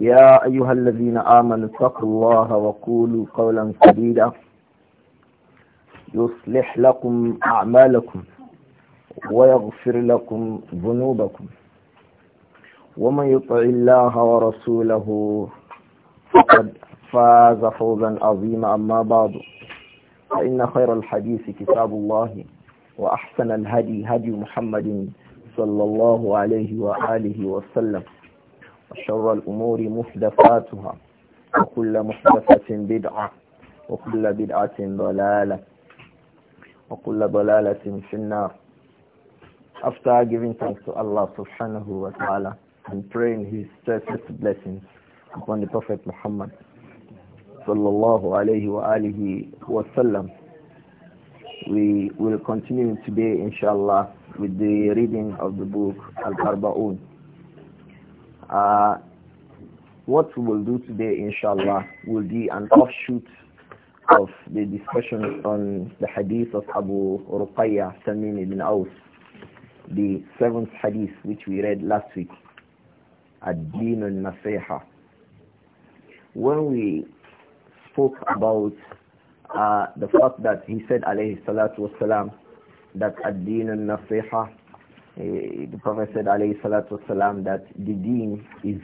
يا أيها الذين آمنوا اتقوا الله وقولوا قولا سديدا يصلح لكم أعمالكم ويغفر لكم ذنوبكم ومن يطع الله ورسوله فقد فاز فوزا عظيما أما بعد فإن خير الحديث كتاب الله وأحسن الهدي هدي محمد صلى الله عليه وآله وسلم وشر الأمور محدثاتها وكل محدثة بدعة وكل بدعة ضلالة وكل ضلالة في النار After giving thanks to Allah subhanahu wa ta'ala and praying his steadfast blessings upon the Prophet Muhammad صلى الله عليه وآله وسلم we will continue today inshallah with the reading of the book Al-Arba'un Uh, what we will do today, inshallah, will be an offshoot of the discussion on the hadith of Abu Ruqayya Samin ibn Aus, the seventh hadith which we read last week, Ad-Din al-Nasiha. When we spoke about uh, the fact that he said, alayhi salatu wasalam, that Ad-Din al-Nasiha Eh, the Prophet said, alayhi salatu wasalam, that the deen is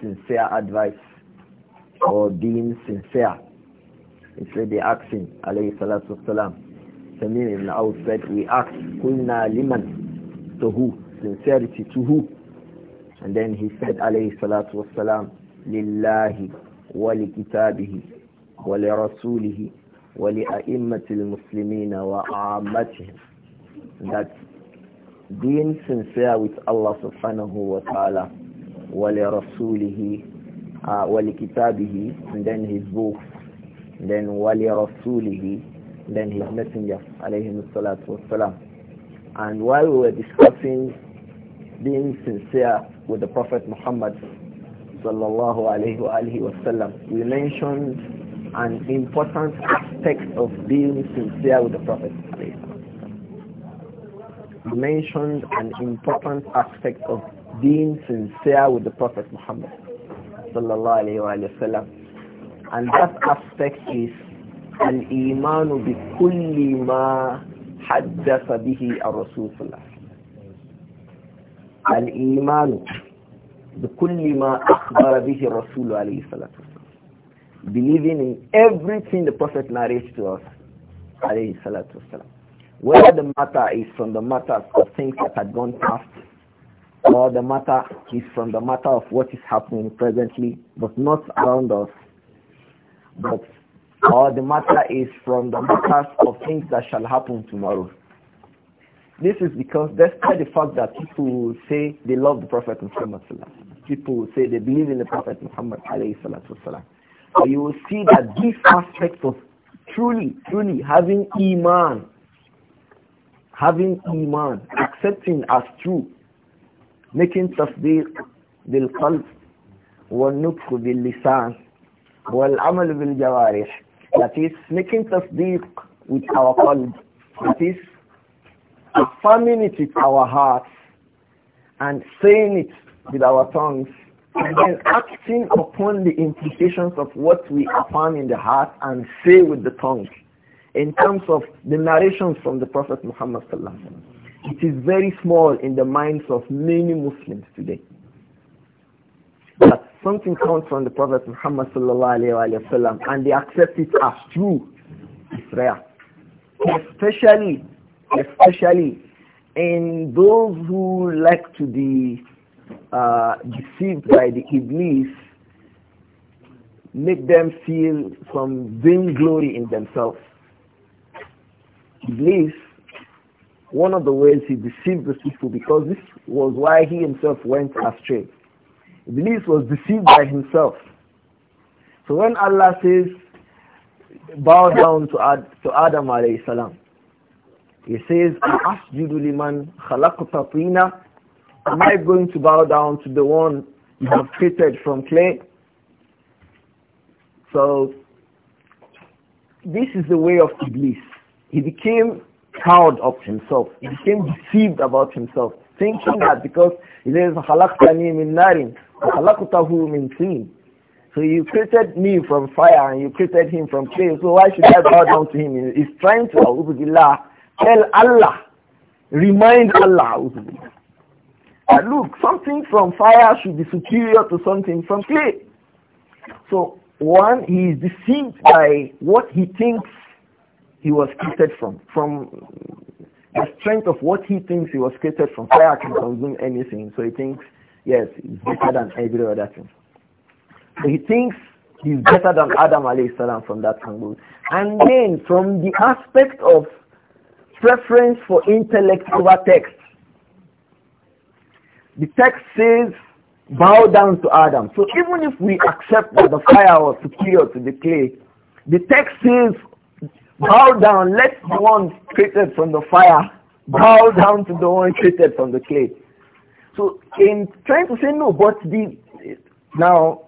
sincere advice or deen sincere. He said, the asking alayhi salatu wasalam, Samir ibn Aus said, we asked, kulna liman, to who? Sincerity, to who? And then he said, alayhi salatu wasalam, lillahi wa li kitabihi wa li rasulihi wa li a'immatil muslimina wa a'ammatihim. That's being sincere with Allah subhanahu wa ta'ala ولرسوله uh, ولكتابه and then his book and then ولرسوله then his messenger عليهم الصلاة and while we were discussing being sincere with the Prophet Muhammad sallallahu alayhi wa alihi wasallam we mentioned an important aspect of being sincere with the Prophet alayhi mentioned an important aspect of being sincere with the Prophet Muhammad sallallahu alayhi wa And that aspect is al-iman bi kulli ma haddatha bihi ar-rasulullah. Al-iman bi kulli ma akhbara bihi Rasulullah, alayhi salatu Believing in everything the Prophet narrates to us alayhi salatu wasalam. Whether the matter is from the matters of things that had gone past, or the matter is from the matter of what is happening presently, but not around us, but or the matter is from the matters of things that shall happen tomorrow. This is because despite the fact that people will say they love the Prophet Muhammad people will say they believe in the Prophet Muhammad so you will see that this aspect of truly, truly having Iman having iman, accepting as true, making tasdeeq bil qalb wal nutq bil lisan wal amal bil jawarih. That is making tasdeeq with our qalb. That is affirming it with our hearts and saying it with our tongues and then acting upon the implications of what we affirm in the heart and say with the tongue in terms of the narrations from the Prophet Muhammad It is very small in the minds of many Muslims today. That something comes from the Prophet Muhammad and they accept it as true is rare. Especially, especially in those who like to be uh, deceived by the Iblis make them feel some vainglory in themselves. Iblis, one of the ways he deceived the people because this was why he himself went astray. Iblis was deceived by himself. So when Allah says, bow down to, Ad, to Adam alayhi salam, he says, Asjudu liman khalaqta Am I going to bow down to the one you have created from clay? So this is the way of Iblis. He became proud of himself. He became deceived about himself, thinking that because he says, خَلَقْتَنِي narin, نَارٍ وَخَلَقْتَهُ sin." So you created me from fire and you created him from clay, so why should I bow down to him? He's trying to, Allah, tell Allah, remind Allah, And look, something from fire should be superior to something from clay. So one, he is deceived by what he thinks he was created from, from the strength of what he thinks he was created from. Fire can consume anything, so he thinks, yes, he's better than every other thing. So he thinks he's better than Adam salam from that angle. And then from the aspect of preference for intellect over text, the text says, bow down to Adam. So even if we accept that the fire was superior to the clay, the text says, Bow down, let the one created from the fire bow down to the one created from the clay. So in trying to say no, but the now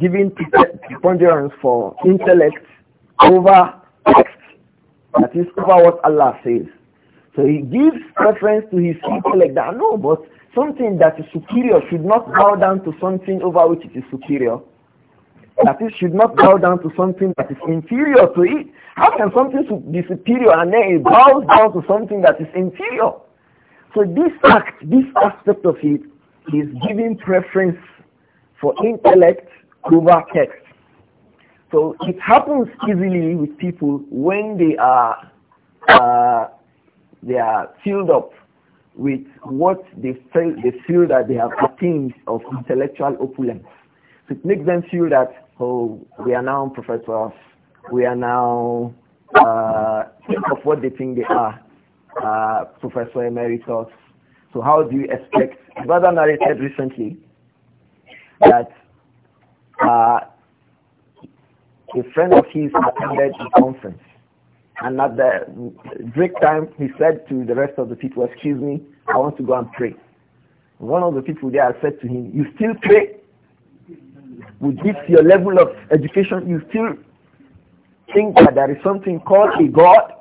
giving preponderance for intellect over text, that is over what Allah says. So he gives preference to his intellect that no, but something that is superior should not bow down to something over which it is superior. That it should not bow down to something that is inferior to it. How can something be superior and then it bows down to something that is inferior? So this act, this aspect of it, is giving preference for intellect over text. So it happens easily with people when they are uh, they are filled up with what they feel they feel that they have attained of intellectual opulence it makes them feel that, oh, we are now professors, we are now, uh, think of what they think they are, uh, professor emeritus. So how do you expect, a brother narrated recently that uh, a friend of his attended a conference. And at the break time, he said to the rest of the people, excuse me, I want to go and pray. One of the people there said to him, you still pray? with this your level of education, you still think that there is something called a God?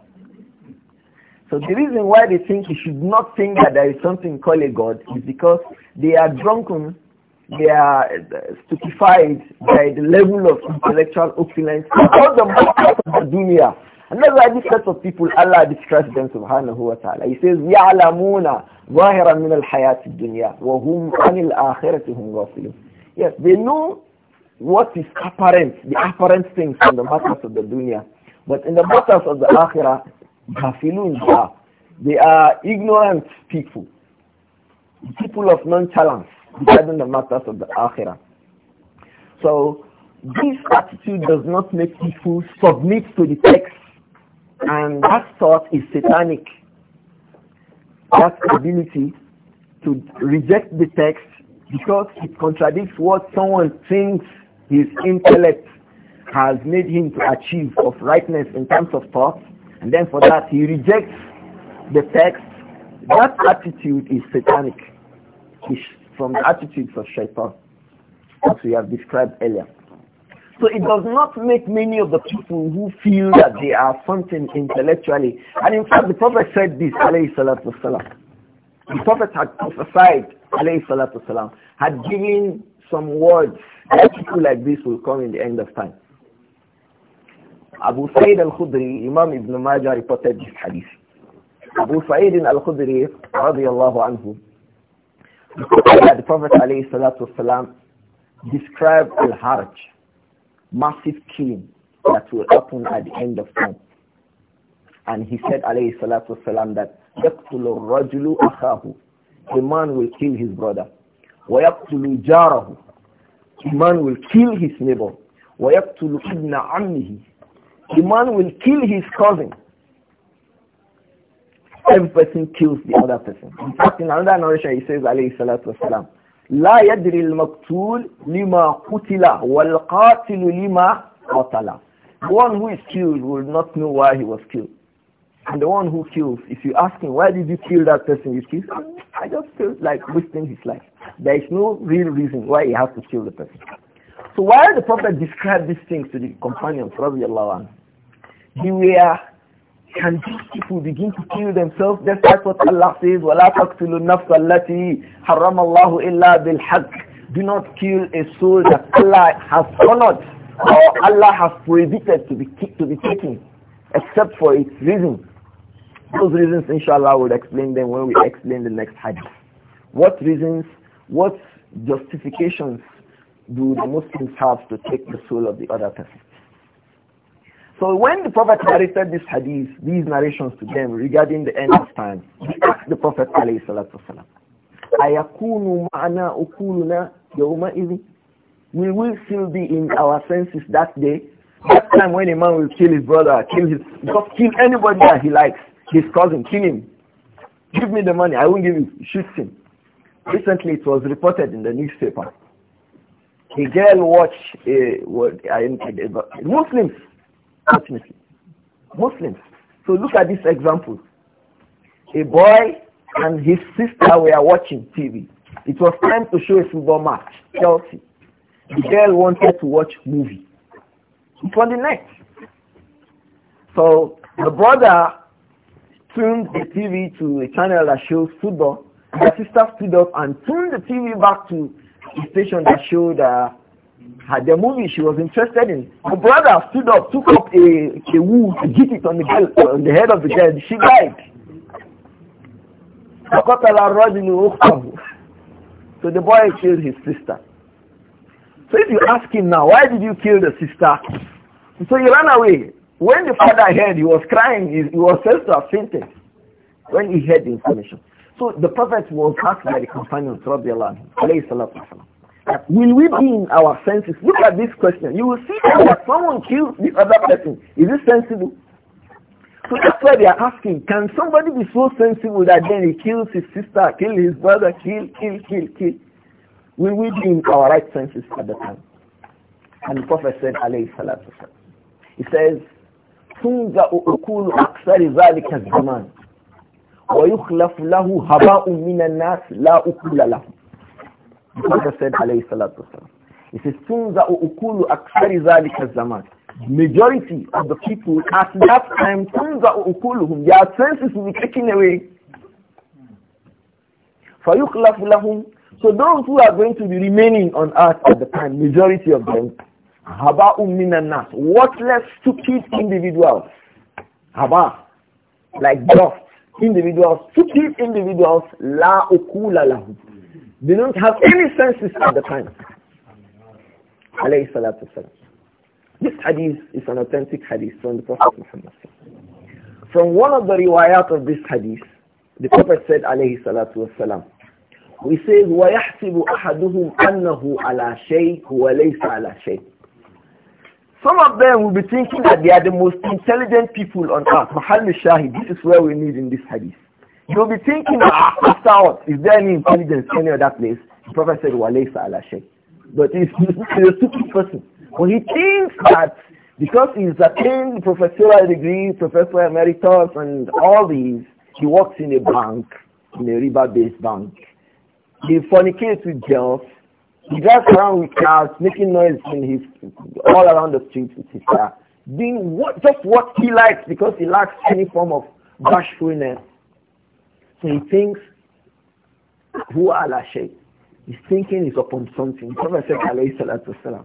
So the reason why they think you should not think that there is something called a God is because they are drunken, they are stupefied by the level of intellectual opulence all the matters of the dunya. And that's why this set of people, Allah describes them subhanahu wa ta'ala. He says, يَعْلَمُونَ ظَاهِرًا مِنَ الْحَيَاةِ الدُّنْيَا وَهُمْ عَنِ الْآخِرَةِ هُمْ غَافِلُونَ Yes, they know what is apparent, the apparent things in the matters of the dunya. But in the matters of the akhirah, kafilun they are ignorant people, people of nonchalance regarding the matters of the akhirah. So this attitude does not make people submit to the text, and that thought is satanic. That ability to reject the text because it contradicts what someone thinks his intellect has made him to achieve of rightness in terms of thought, and then for that he rejects the text, that attitude is satanic. It's from the attitudes of shaitan, as we have described earlier. So it does not make many of the people who feel that they are something intellectually. And in fact, the Prophet said this, alayhi salatu salam." The Prophet had prophesied, alayhi salatu salam," had given some words people like this will come in the end of time. Abu Sa'id al-Khudri, Imam Ibn Majah reported this hadith. Abu Sa'id al-Khudri, radiallahu anhu, the Prophet alayhi salatu wasalam, described al-Haraj, massive killing that will happen at the end of time. And he said alayhi salatu wasalam that يقتل الرجل أخاه. The man will kill his brother. وَيَقْتُلُ جَارَهُ man will kill his neighbor. وَيَقْتُلُ ابْنَ عَمِّهِ A man will kill his cousin. Every person kills the other person. In fact, in another narration, he says, alayhi salatu wasalam, لا يدري المقتول لما قتل والقاتل لما قتل. One who is killed will not know why he was killed. And the one who kills, if you ask him, why did you kill that person you says, I just feel like wasting his life. There is no real reason why he has to kill the person. So while the Prophet described these things to the companions, radiallahu anhu, were, can these people begin to kill themselves? That's what Allah says, وَلَا تَقْتُلُوا النَّفْسَ الَّتِي حَرَّمَ اللَّهُ إِلَّا بِالْحَقِّ Do not kill a soul that Allah has honored or Allah has prohibited to be, to be taken except for its reason. Those reasons, inshallah, we'll explain them when we explain the next hadith. What reasons, what justifications do the Muslims have to take the soul of the other person? So when the Prophet narrated this hadith, these narrations to them regarding the end of time, he asked the Prophet alayhi salatu أَيَكُونُ مَعَنَا أُكُولُنَا يَوْمَئِذٍ We will still be in our senses that day, that time when a man will kill his brother, kill his, just kill anybody that he likes his cousin, kill him. Give me the money, I won't give you. Shoot him. Recently it was reported in the newspaper. A girl watched a, what, I, a, Muslims, ultimately. Muslims. So look at this example. A boy and his sister were watching TV. It was time to show a football match, Chelsea. The girl wanted to watch movie. It was the night. So the brother tuned the TV to a channel that shows football. The sister stood up and tuned the TV back to a station that showed uh, had the movie she was interested in. Her brother stood up, took up a, a and hit it on the, girl, uh, on the head of the girl. She died. So the boy killed his sister. So if you ask him now, why did you kill the sister? So he ran away. When the father heard, he was crying. He, was said to have fainted when he heard the information. So the Prophet was asked by the companions, that will we be in our senses? Look at this question. You will see that someone kills the other person. Is it sensible? So that's why they are asking, can somebody be so sensible that then he kills his sister, kill his brother, kill, kill, kill, kill? Will we be in our right senses at the time? And the Prophet said, alayhi salatu He says, تنزع أكون أكثر zaman wa ويخلف له هباء من الناس لا أكل له Prophet said عليه الصلاة He says تنزع أكون أكثر Majority of the people at that time تنزع أكلهم Their senses will be taken away فيخلف لهم So those who are going to be remaining on earth at the time, majority of them, Haba umminanas, worthless, stupid individuals. Haba, like dust, individuals, stupid individuals, la ukula lahum. They don't have any senses at the time. Alayhi salatu salam. This hadith is an authentic hadith from the Prophet Muhammad. From one of the riwayat of this hadith, the Prophet said, alayhi salatu wasalam, he says, وَيَحْسِبُ أَحَدُهُمْ أَنَّهُ عَلَى شَيْءٍ وَلَيْسَ عَلَى شَيْءٍ some of them will be thinking that they are the most intelligent people on earth. Muhammad Shahid, this is where we need in this hadith. You'll be thinking, ah, after all, is there any intelligence any other place? The Prophet said, Walaysa ala shay. But he's, he's a stupid person. But he thinks that because he's attained professorial degree, professor emeritus, and all these, he works in a bank, in a river-based bank. He fornicates with girls, he drives around with cars, making noise in his all around the streets with his car, doing what, just what he likes because he lacks any form of bashfulness. So he thinks, who ala Shaykh?" His thinking is upon something. Prophet said,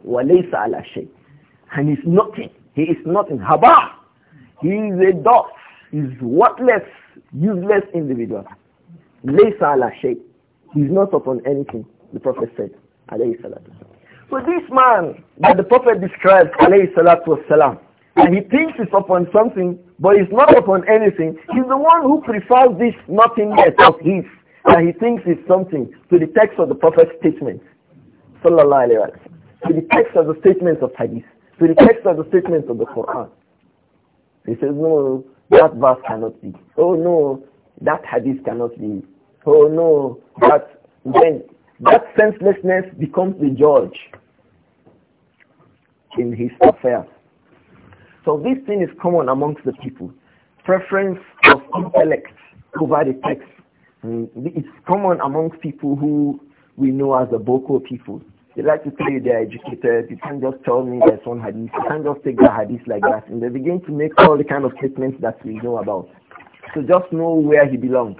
wa And he's nothing. He is nothing. Haba! He is a dog. He's worthless, useless individual. Laysa ala shay. He's not upon anything, the Prophet said alayhi salatu So this man that the Prophet describes, alayhi salatu wasalam, and he thinks it's upon something, but it's not upon anything, he's the one who prefers this nothingness of his, and he thinks it's something, to the text of the Prophet's statement, sallallahu alayhi wa to the text of the statements of hadith, to the text of the statements of the Quran. He says, no, that verse cannot be. Oh no, that hadith cannot be. Oh no, that then that senselessness becomes the judge in his affairs. So this thing is common amongst the people. Preference of intellect over the text. Hmm. It's common amongst people who we know as the Boko people. They like to tell you they're educated. You can't just tell me there's one hadith. You can't just take the hadith like that. And they begin to make all the kind of statements that we know about. So just know where he belongs.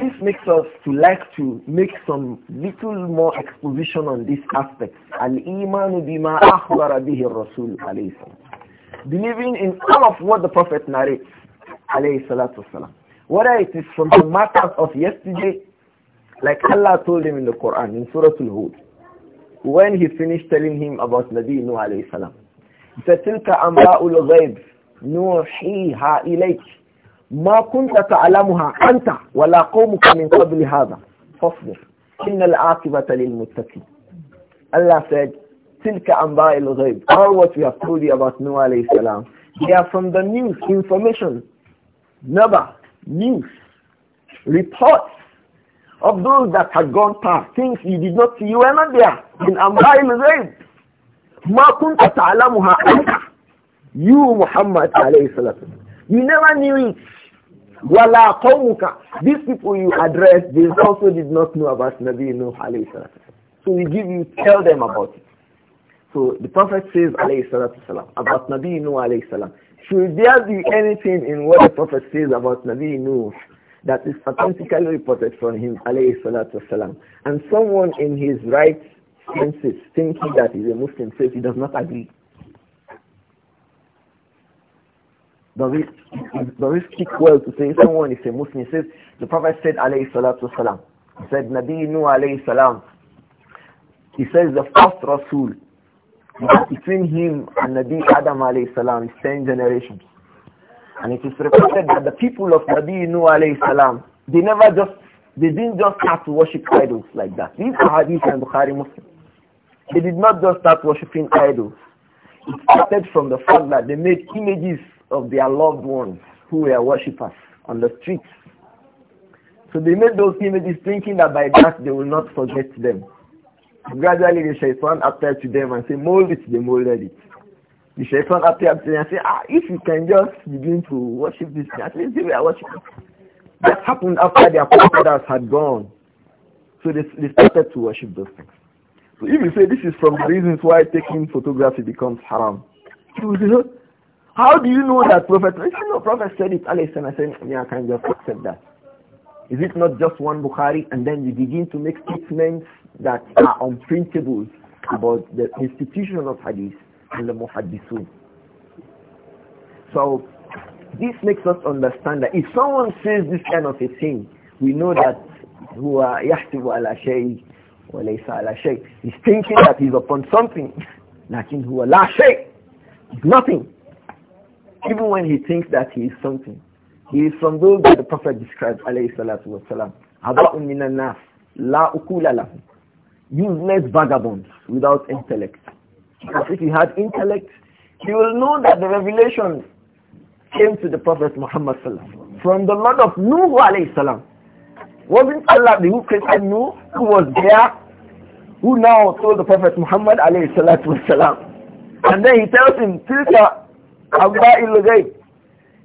This makes us to like to make some little more exposition on this aspect. Al-imanu bima akhbara bihi rasul alayhi Believing in all of what the Prophet narrates alayhi salatu wasalam. Whether it is from the matters of yesterday, like Allah told him in the Quran, in Surah Al-Hud, when he finished telling him about Nabi Nuh alayhi salam. He said, تِلْكَ أَمْرَاءُ الْغَيْبِ نُوحِيهَا إِلَيْكِ ما كنت تعلمها أنت ولا قومك من قبل هذا فاصبر إن العاقبة للمتقين Allah said تلك أنباء الغيب all what we have told you about Noah alayhi salam they are from the news information never news reports of those that had gone past things you did not see you were not there in أنباء الغيب ما كنت تعلمها أنت you Muhammad عليه السلام, you never knew it Wala qawmuka. These people you address, they also did not know about Nabi Nuh alayhi salatu So we give you, tell them about it. So the Prophet says alayhi salatu salam about Nabi Nuh alayhi salam. Should there be anything in what the Prophet says about Nabi Nuh that is authentically reported from him alayhi salatu salam and someone in his right senses thinking that he's a Muslim says he does not agree? the it, does well to say someone is a Muslim? He says, the Prophet said, alayhi salatu salam. He said, Nabi Nuh alayhi salam. He says, the first Rasul, between him and Nabi Adam alayhi salam is 10 generations. And it is reported that the people of Nabi Nuh alayhi salam, they never just, they didn't just start to worship idols like that. These are hadith and Bukhari Muslim. They did not just start worshipping idols. It started from the fact that they made images of their loved ones who were worshippers on the streets. So they made those images thinking that by that they will not forget them. Gradually the shaitan appeared to them and said, mold it, they molded it. The shaitan appeared to them and said, ah, if you can just begin to worship this thing, at least we are worshiping. That happened after their forefathers had gone. So they, they started to worship those things. So if you say this is from the reasons why taking photography becomes haram, you how do you know that Prophet? I said, no, Prophet said it, Ali said, I said, yeah, I can just accept that. Is it not just one Bukhari? And then you begin to make statements that are unprintable about the institution of hadith and the muhaddisun. So this makes us understand that if someone says this kind of a thing, we know that who are yahtibu ala shay wa laysa ala He's thinking that he's upon something, lakin huwa la shay. It's nothing. Even when he thinks that he is something, he is from those that the Prophet described, alayhi salatu wasalam. minan la ukula Useless vagabonds without intellect. Because if he had intellect, he will know that the revelation came to the Prophet Muhammad sallam, from the Lord of Nuh alayhi salam. Wasn't Allah the who created Nuh, who was there, who now told the Prophet Muhammad alayhi salatu wasalam. And then he tells him, Tilka Abba Ilgay.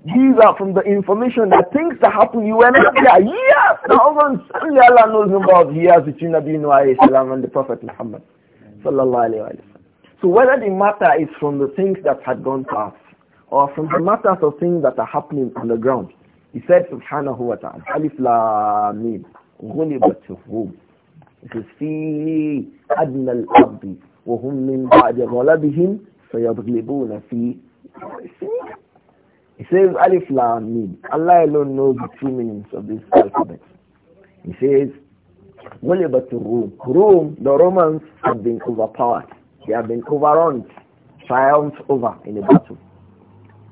These are from the information that things that happen you were not yes, Years, thousands, only Allah knows number of years between Nabi Nuh and the Prophet Muhammad. So whether the matter is from the things that had gone past or from the matters of things that are happening on the ground, he said subhanahu wa ta'ala, Alif Lam Mim, غُلِبَتْ هُمْ It is في أدنى الأرض وهم min بعد غلبهم سيغلبون Fi. He says Alif Lam Mim. Allah alone knows the true meanings of this alphabet. He says, "What about Rome? Rome, the Romans have been overpowered. They have been overrun, triumphed over in a battle.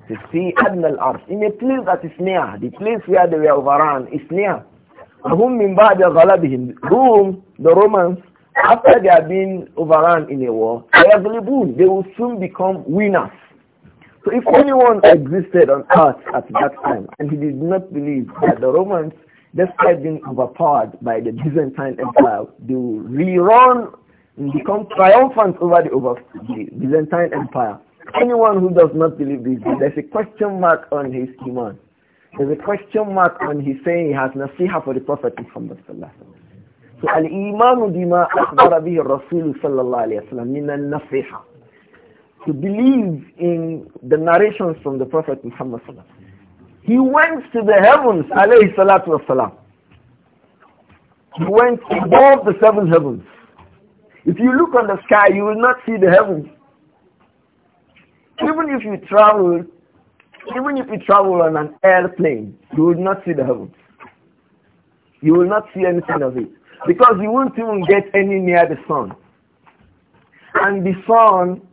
To see Adnal Arsh in a place that is near, the place where they were overrun is near. Rome, the Romans, after they have been overrun in a war, They will soon become winners. So if anyone existed on earth at that time and he did not believe that the Romans, despite being overpowered by the Byzantine Empire, they will rerun and become triumphant over the, over the Byzantine Empire, anyone who does not believe this, there's a question mark on his iman. There's a question mark on his saying he has nasiha for the Prophet Muhammad sallallahu So al-imanu bima akhbara bihi Rasul sallallahu alaihi wasallam min an-nasiha to believe in the narrations from the Prophet Muhammad He went to the heavens, alayhi salatu wasalam. He went above the seven heavens. If you look on the sky, you will not see the heavens. Even if you travel, even if you travel on an airplane, you will not see the heavens. You will not see anything of it. Because you won't even get any near the sun. And the sun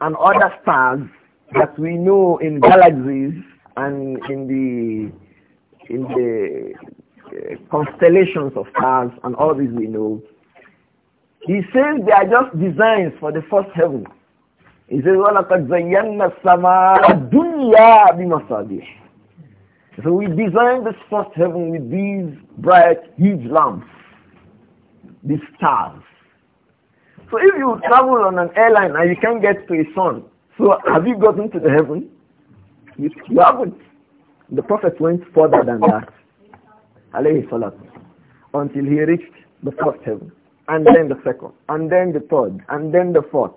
and other stars that we know in galaxies and in the in the uh, constellations of stars and all these we know. He says they are just designs for the first heaven. He says, وَلَقَدْ زَيَّنَّا السَّمَاءَ الدُّنْيَا بِمَصَابِيحِ So we designed this first heaven with these bright, huge lamps, these stars. So if you travel on an airline and you can't get to a sun, so have you gotten to the heaven? You, haven't. The Prophet went further than that. Alayhi salatu. Until he reached the first heaven. And then the second. And then the third. And then the fourth.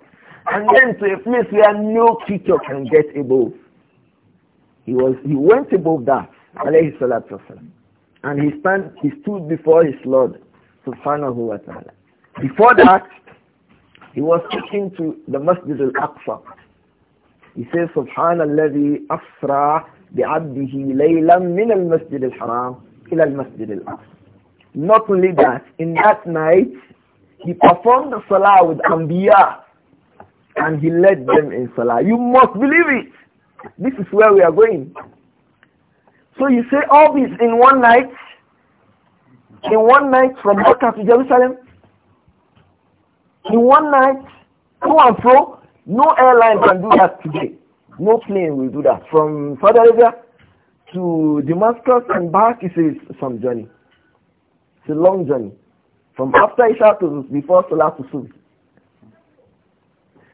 And then to a place where no creature can get above. He was he went above that. Alayhi salatu And he stand he stood before his Lord subhanahu wa ta'ala. Before that he was speaking to the Masjid al-Aqsa. He says, Subhanallah, asra bi'abdihi laylan min al-Masjid al-Haram ila al-Masjid al-Aqsa. Not only that, in that night, he performed the Salah with Anbiya and he led them in Salah. You must believe it. This is where we are going. So you say all this in one night, in one night from Mecca to Jerusalem, in one night, to and fro, no airline can do that today. No plane will do that. From Saudi Arabia to Damascus and back is some journey. It's a long journey. From after Isha to before Salah to Subi.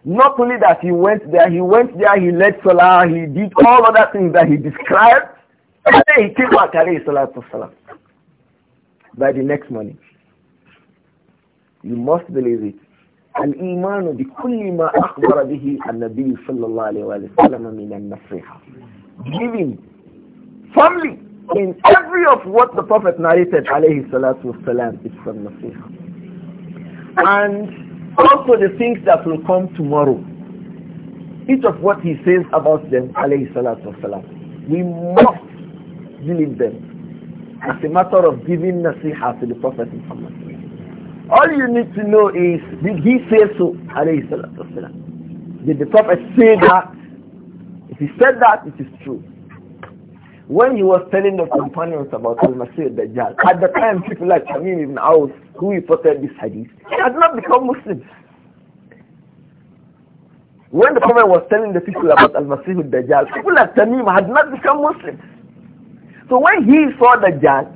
Not only that he went there, he went there, he led Salah, he did all other things that he described, and then he came back Salah to Salah. By the next morning. You must believe it. الإيمان بكل ما أخبر به النبي صلى الله عليه وسلم من النصيحة giving firmly in every of what the Prophet narrated عليه الصلاة والسلام is from نصيحة and also the things that will come tomorrow each of what he says about them عليه الصلاة والسلام we must believe them as a matter of giving nasiha to the Prophet Muhammad all you need to know is, did he say so? Did the Prophet say that? If he said that, it is true. When he was telling the companions about Al-Masih Dajjal, at the time people like Tamim ibn Aus, who reported this hadith, had not become Muslims. When the Prophet was telling the people about Al-Masih Dajjal, people like Tamim had not become Muslims. So when he saw Dajjal,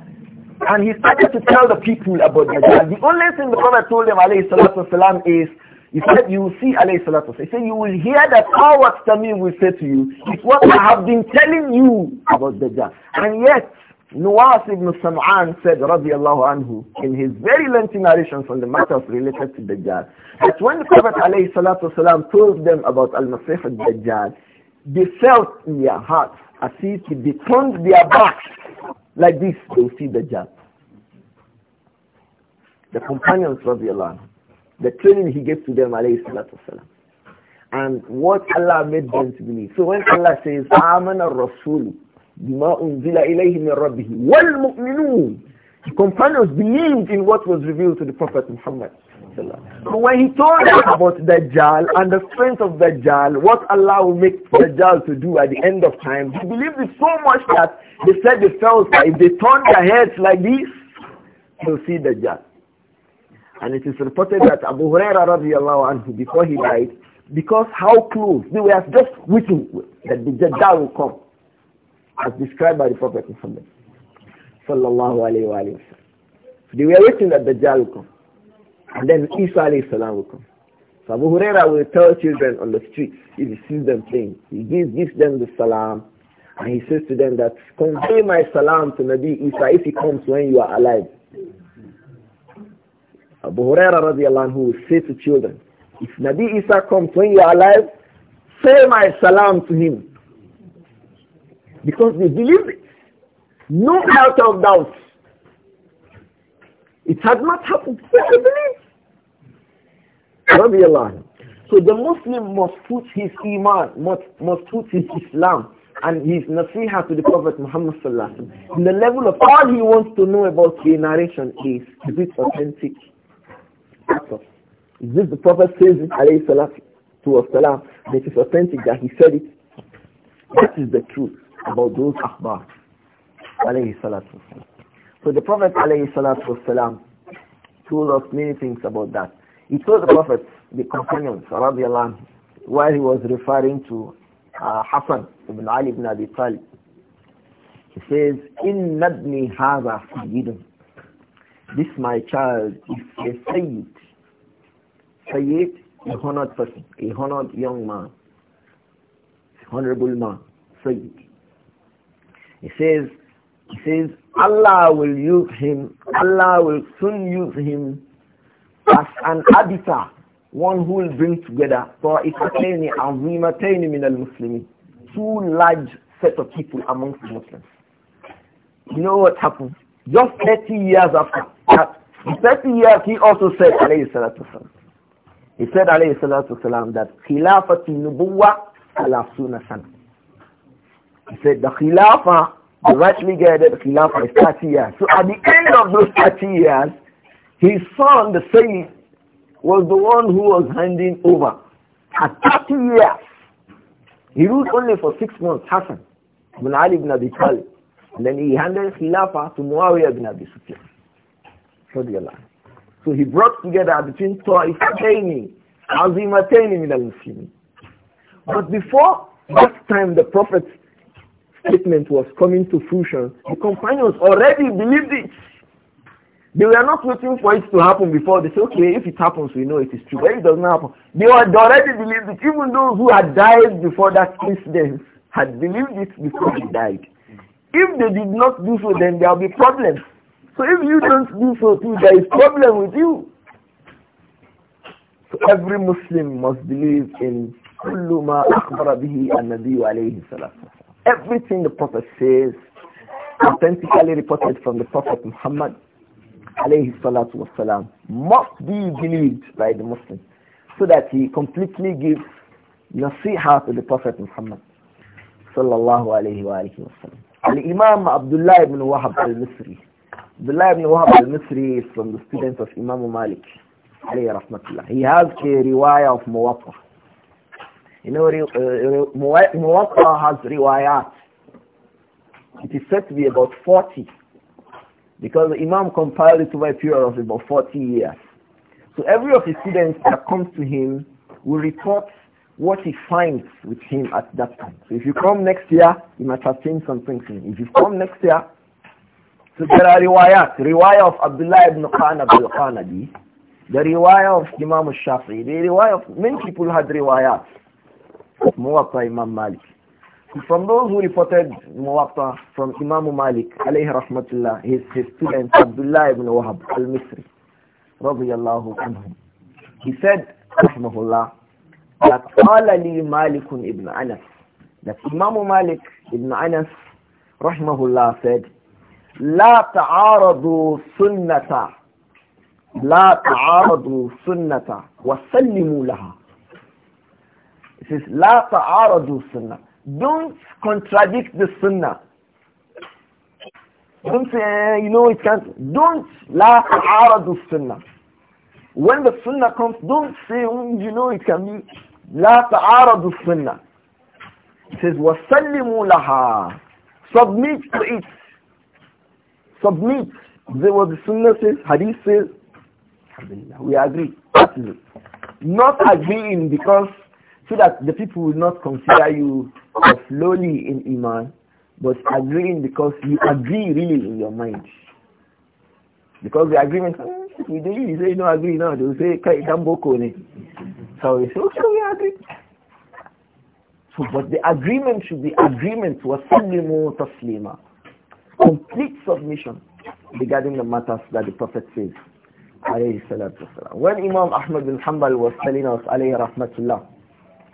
and he started to tell the people about the Dajjal. The only thing the Prophet told them, alayhi salatu Salam, is, he said, you will see, alayhi salatu salam. He said, you will hear that all what Tamim will say to you is what I have been telling you about the Dajjal. And yet, Nuwas ibn Sam'an said, radiallahu anhu, in his very lengthy narrations on the matters related to the Dajjal, that when the Prophet alayhi salatu Salam told them about Al-Masih al-Dajjal, they felt in their hearts as if he turned their backs like this, they will see the jab. The companions of Allah, the training he gave to them, alayhi And what Allah made them to believe. So when Allah says, Aman al-Rasulu, bima unzila ilayhi min rabbihi, wal mu'minun, the companions believed in what was revealed to the Prophet Muhammad so when he told us about Dajjal and the strength of Dajjal, what Allah will make Dajjal to do at the end of time, he believed it so much that they said they felt that if they turned their heads like this, they'll see Dajjal. And it is reported that Abu Huraira radiallahu anhu, before he died, because how close, they were just waiting that the Dajjal will come, as described by the Prophet Muhammad sallallahu alayhi wa, They were waiting that Dajjal will come. And then Isa alayhi salam will come. So Abu Huraira will tell children on the street, if he sees them playing, he gives, gives them the salam, and he says to them that, convey my salam to Nabi Isa if he comes when you are alive. Abu Huraira radiallahu anhu will say to children, if Nabi Isa comes when you are alive, say my salam to him. Because they believe it. No doubt of doubt. It has not happened. They believe. So the Muslim must put his iman, must, must put his Islam and his nasiha to the Prophet Muhammad sallallahu alaihi The level of all he wants to know about the narration is, is it authentic? Is this the Prophet says it, alayhi salatu wasalam, that it's authentic, that he said it? That is the truth about those akhbar, alayhi salatu So the Prophet alayhi salatu wasallam told us many things about that. He told the Prophet, the companions, radiallahu while he was referring to uh, Hassan ibn Ali ibn Abi Talib. He says, "In Nadmi hadha sayyidun. This my child is a sayyid. Sayyid, a honored person, a honored young man, honorable man, sayyid. He says, he says, Allah will use him, Allah will soon use him as an arbiter, one who will bring together طائفتين عظيمتين من المسلمين two large set of people amongst the Muslims. You know what happened? Just 30 years after that, 30 years he also said alayhi salatu wasalam. He said alayhi salatu wasalam that khilafati nubuwa ala sunnah He said the khilafah, the rightly guided khilafah is 30 years. So at the end of those 30 years, his son, the Sayyid, was the one who was handing over. At 30 years, he ruled only for six months, Hassan ibn Ali ibn Abi Talib. And then he handed Khilafah to Muawiyah ibn Abi Sufyan. So he brought together between Ta'ifataini, Azimataini min al-Muslimin. But before that time the Prophet's statement was coming to fruition, the companions already believed it. They were not waiting for it to happen before. They said, okay, if it happens, we know it is true. But it does not happen. They had already believed it. Even those who had died before that incident had believed it before they died. If they did not do so, then there will be problems. So if you don't do so too, there is problem with you. So every Muslim must believe in Everything the Prophet says, authentically reported from the Prophet Muhammad alayhi salatu wasalam, must be believed by the Muslim so that he completely gives nasiha to the Prophet Muhammad sallallahu alayhi wa alayhi wa Al-Imam Abdullah ibn Wahab al-Misri. Abdullah ibn Wahab al-Misri is from the students of Imam Malik alayhi rahmatullah. He has a riwayah of Muwatta. You know, uh, Muwatta has riwayat. It is said to be about 40 because the Imam compiled it over a period of about 40 years. So every of his students that comes to him will report what he finds with him at that time. So if you come next year, you might have seen something. If you come next year, so there are riwayat. riwayat of Abdullah ibn Khan Abdul Khanadi, the riwayat of Imam al-Shafi'i, the riwayat, of, many people had riwayat. Muwatta Imam Malik. From those who reported Muwatta from Imam Malik, alayhi rahmatullah, his, his student Abdullah ibn Wahab al-Misri, radiyallahu anhu, He said, rahmahullah, that qala li Malikun ibn Anas, that Imam Malik ibn Anas, rahmahullah, said, لا تعارضوا سنة لا تعارضوا سنة وسلموا لها. It says, لا تعارضوا سنة. Don't contradict the sunnah. Don't say, eh, you know, it can't. Don't la the sunnah. When the sunnah comes, don't say, hmm, you know, it can be at the sunnah. It says, wasallimu laha. Submit to it. Submit. They what the sunnah says, hadith says, we agree. Not agreeing because so that the people will not consider you as lowly in iman but agreeing because you agree really in your mind because the agreement we ah, do you say you don't agree now they will say kai damboko ne so we say okay we agree so but the agreement should be agreement was sallimu taslima complete submission regarding the matters that the prophet says alayhi salatu wasalam when imam ahmad bin hanbal was telling us alayhi rahmatullah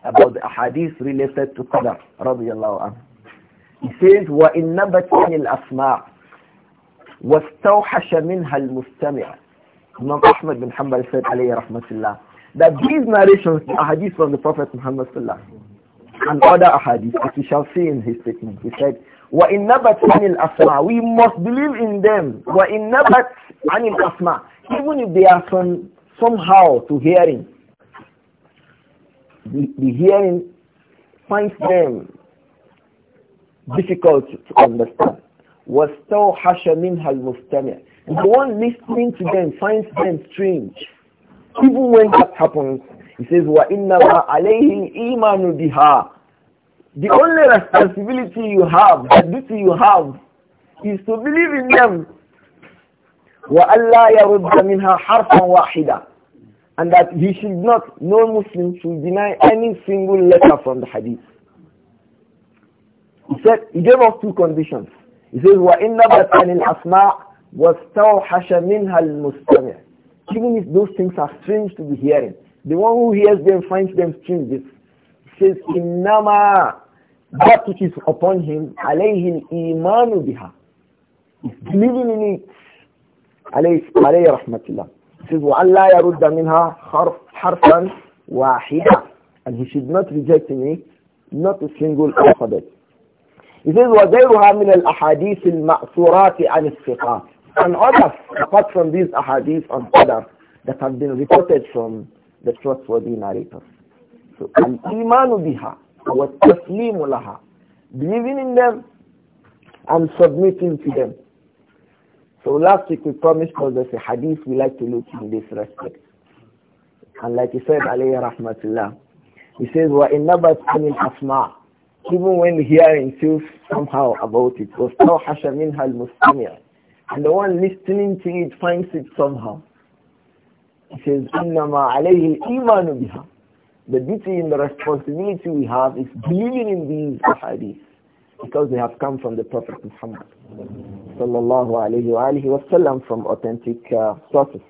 about the hadith related to Qadar radiyallahu anhu. He says, asma, الْأَسْمَاءِ وَاسْتَوْحَشَ al الْمُسْتَمِعَ Imam Ahmad bin Hanbal said, alayhi rahmatullah, that these narrations are hadith from the Prophet Muhammad sallallahu and other ahadith, as we shall see in his statement. He said, وَإِنَّبَتْ عَنِ asma." We must believe in them. وَإِنَّبَتْ عَنِ asma, Even if they are from somehow to hearing the, the hearing finds them difficult to understand. so مِنْهَا الْمُسْتَمِعِ And the one listening to them finds them strange. Even when that happens, he says, وَإِنَّمَا عَلَيْهِ الْإِيمَانُ بِهَا The only responsibility you have, the duty you have, is to believe in them. وَأَلَّا يَرُدَّ مِنْهَا حَرْفًا وَاحِدًا and that he should not, no Muslim should deny any single letter from the hadith. He said, he gave us two conditions. He says, وَإِنَّ بَتَنِ الْأَسْمَاءِ وَاسْتَوْحَشَ مِنْهَا الْمُسْتَمِعِ Even if those things are strange to the hearing, the one who hears them finds them strange. He says, إِنَّمَا That which is upon him, عَلَيْهِ الْإِيمَانُ بِهَا Believing in it, عَلَيْهِ رَحْمَةِ اللَّهِ it says, وَأَلَّا يَرُدَّ مِنْهَا حَرْفًا وَاحِدًا And he should not reject any not a single alphabet. He says, وَغَيْرُهَا مِنَ الْأَحَادِيثِ الْمَأْثُورَاتِ عَنِ الثِّقَاتِ And others, apart from these ahadith and others, that have been reported from the trustworthy narrators. So, الْإِيمَانُ بِهَا وَالتَّسْلِيمُ لَهَا Believing in them and submitting to them. So last week we promised because there's a hadith we like to look in this respect. And like he said, alayhi rahmatullah, he says, وَإِنَّ بَتْعَنِ asma, Even when hearing feels somehow about it, وَاسْتَوْحَشَ مِنْهَا الْمُسْتَمِعِ And the one listening to it finds it somehow. He says, إِنَّمَا عَلَيْهِ الْإِيمَانُ بِهَا The duty and the responsibility we have is believing in these hadiths because they have come from the Prophet Muhammad sallallahu alayhi wa alihi wasallam from authentic uh, sources.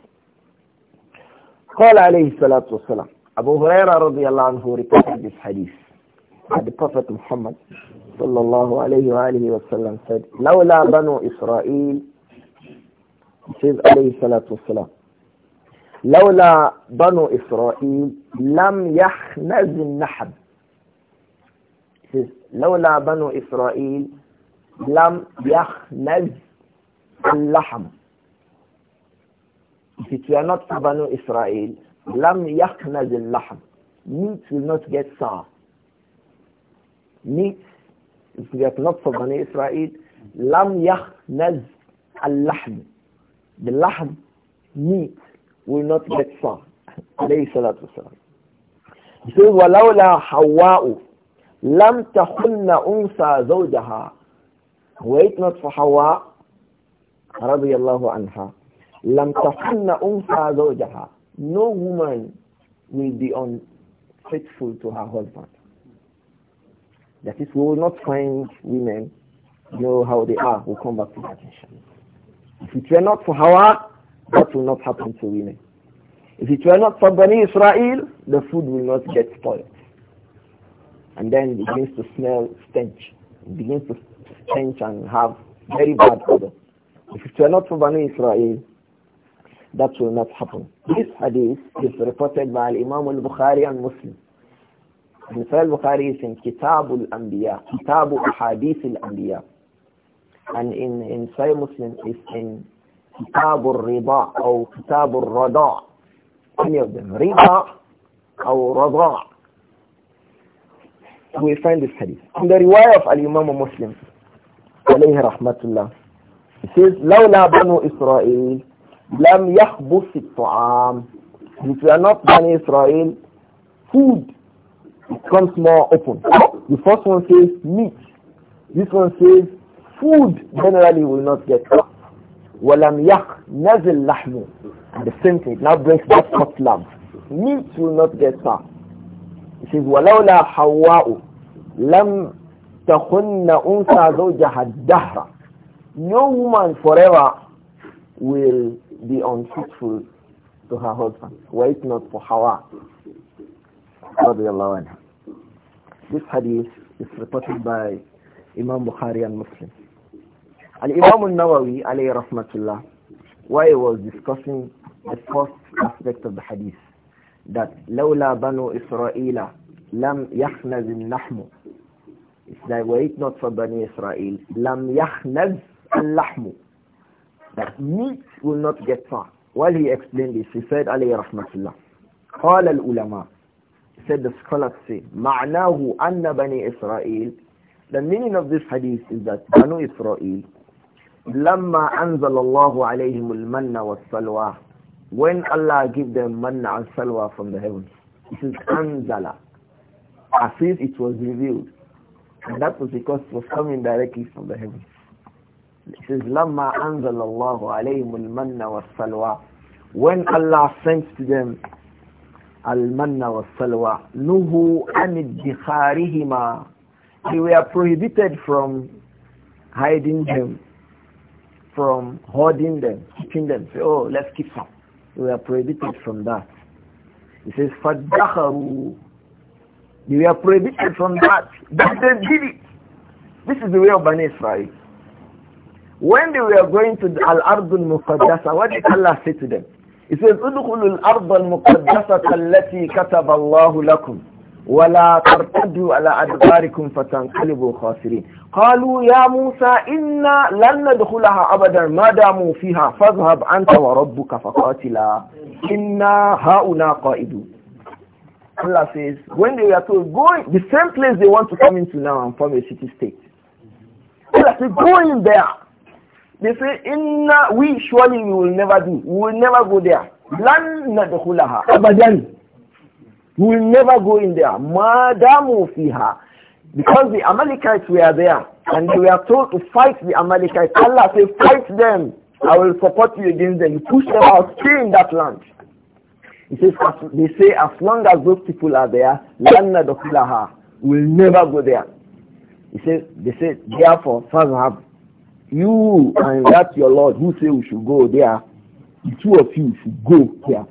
قال عليه الصلاة والسلام Abu Huraira رضي الله عنه reported this hadith and the Prophet Muhammad sallallahu alayhi wa alihi wasallam said لولا بنو إسرائيل says عليه الصلاة والسلام لولا بنو إسرائيل لم يحنز النحب says, لولا بنو إسرائيل لم يخنز اللحم. If it were not for Banu Israel, لم يخنز اللحم. Meat will not get sour. Meat, if it were not for Banu Israel, لم يخنز اللحم. The lahm, meat, will not get sour. عليه الصلاة والسلام. He says, ولولا حواء لم تخن أنثى زوجها wait not for Hawa رضي الله عنها no woman will be unfaithful to her husband that is we will not find women you know how they are we'll come back to that inshallah if it were not for Hawa that will not happen to women if it were not for Bani Israel the food will not get spoiled and then it begins to smell stench. It begins to stench and have very bad odor. If it were not for Banu Israel, that will not happen. This hadith is reported by Imam al-Bukhari and Muslim. And Al bukhari is in Kitab al-Anbiya, Kitab al-Hadith al-Anbiya. And in, in Sahih Muslim is in Kitab al-Rida or Kitab al-Rada. Any of them. Rida or Rada. And we find this hadith. In the riwayah of Al-Imam Muslim, alayhi rahmatullah, he says, لَوْلَا israel إِسْرَائِيلِ لَمْ يَحْبُسِ الطَّعَامِ If you are not Bani Israel, food becomes more open. The first one says meat. This one says food generally will not get up. وَلَمْ يَخْ نَزِلْ لَحْمُ The same thing. Now brings back hot lamb. Meat will not get up says, وَلَوْلَا حَوَّاءُ لَمْ No woman forever will be unfaithful to her husband. Wait not for Hawa. This hadith is reported by Imam Bukhari and Muslim. And Imam al-Nawawi, alayhi rahmatullah, while he was discussing the first aspect of the hadith, that لولا banu israila لم يحنز اللحم If they wait not for Bani Israel, لم يحنز اللحم That meat will not get far. While he explained this, he said عليه رحمة الله قال العلماء said the scholars say معناه أن بني إسرائيل The meaning of this hadith is that Banu إسرائيل لما أنزل الله عليهم المن والسلوى when Allah give them manna and salwa from the heavens. This is anzala. as if it was revealed. And that was because it was coming directly from the heavens. It says, لَمَّا أَنزَلَ اللَّهُ عَلَيْهِمُ الْمَنَّ وَالسَّلْوَى When Allah sent to them al-manna was-salwa nuhu an idkharihima they were prohibited from hiding them from hoarding them keeping them say oh let's keep some they were prohibited from that he says fadakharu they were prohibited from that. That they did it. This is the way of Bani Israel. When they were going to al ardun al what did Allah say to them? He says, "Udukul al-Ard al-Muqaddasa al-Lati katab Allahu lakum, ولا ترتدوا على أدباركم فتنقلبوا خاسرين." قالوا يا موسى إن لن ندخلها أبدا ما داموا فيها فذهب أنت وربك فقاتلا إن هؤلاء قائدون Allah says, when they were told, go in, the same place they want to come into now and form a city state. Allah said, go in there. They say, Inna, we surely we will never do. We will never go there. Lan nadkhulaha abadan. We will never go in there. Madamu fiha. Because the Amalekites were there and they were told to fight the Amalekites. Allah said, fight them. I will support you against them. You push them out, stay in that land. He says, they say as long as those people are there, the دَخِلَهَا will never go there. He says, they say, therefore, have you and that your Lord who say we should go there, the two of you should go there.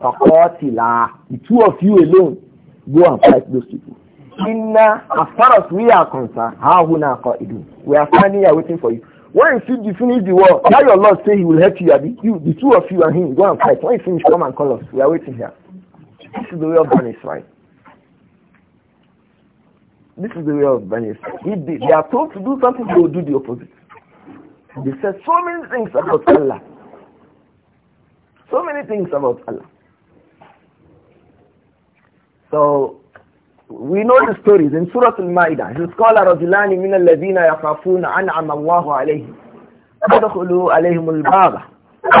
The two of you alone go and fight those people. Inna, as far as we are concerned, how we are standing here waiting for you. When you see you finish the war, now your Lord say he will help you, You, the two of you and him, go and fight. When you finish, come and call us. We are waiting here. This is the way of Bani right? This is the way of Bani they, they are told to do something, they will do the opposite. They said so many things about Allah. So many things about Allah. So we know the stories in Surah Al-Ma'idah. He قال رجلان من الذين يخافون أنعم الله عليهم ادخلوا عليهم الباب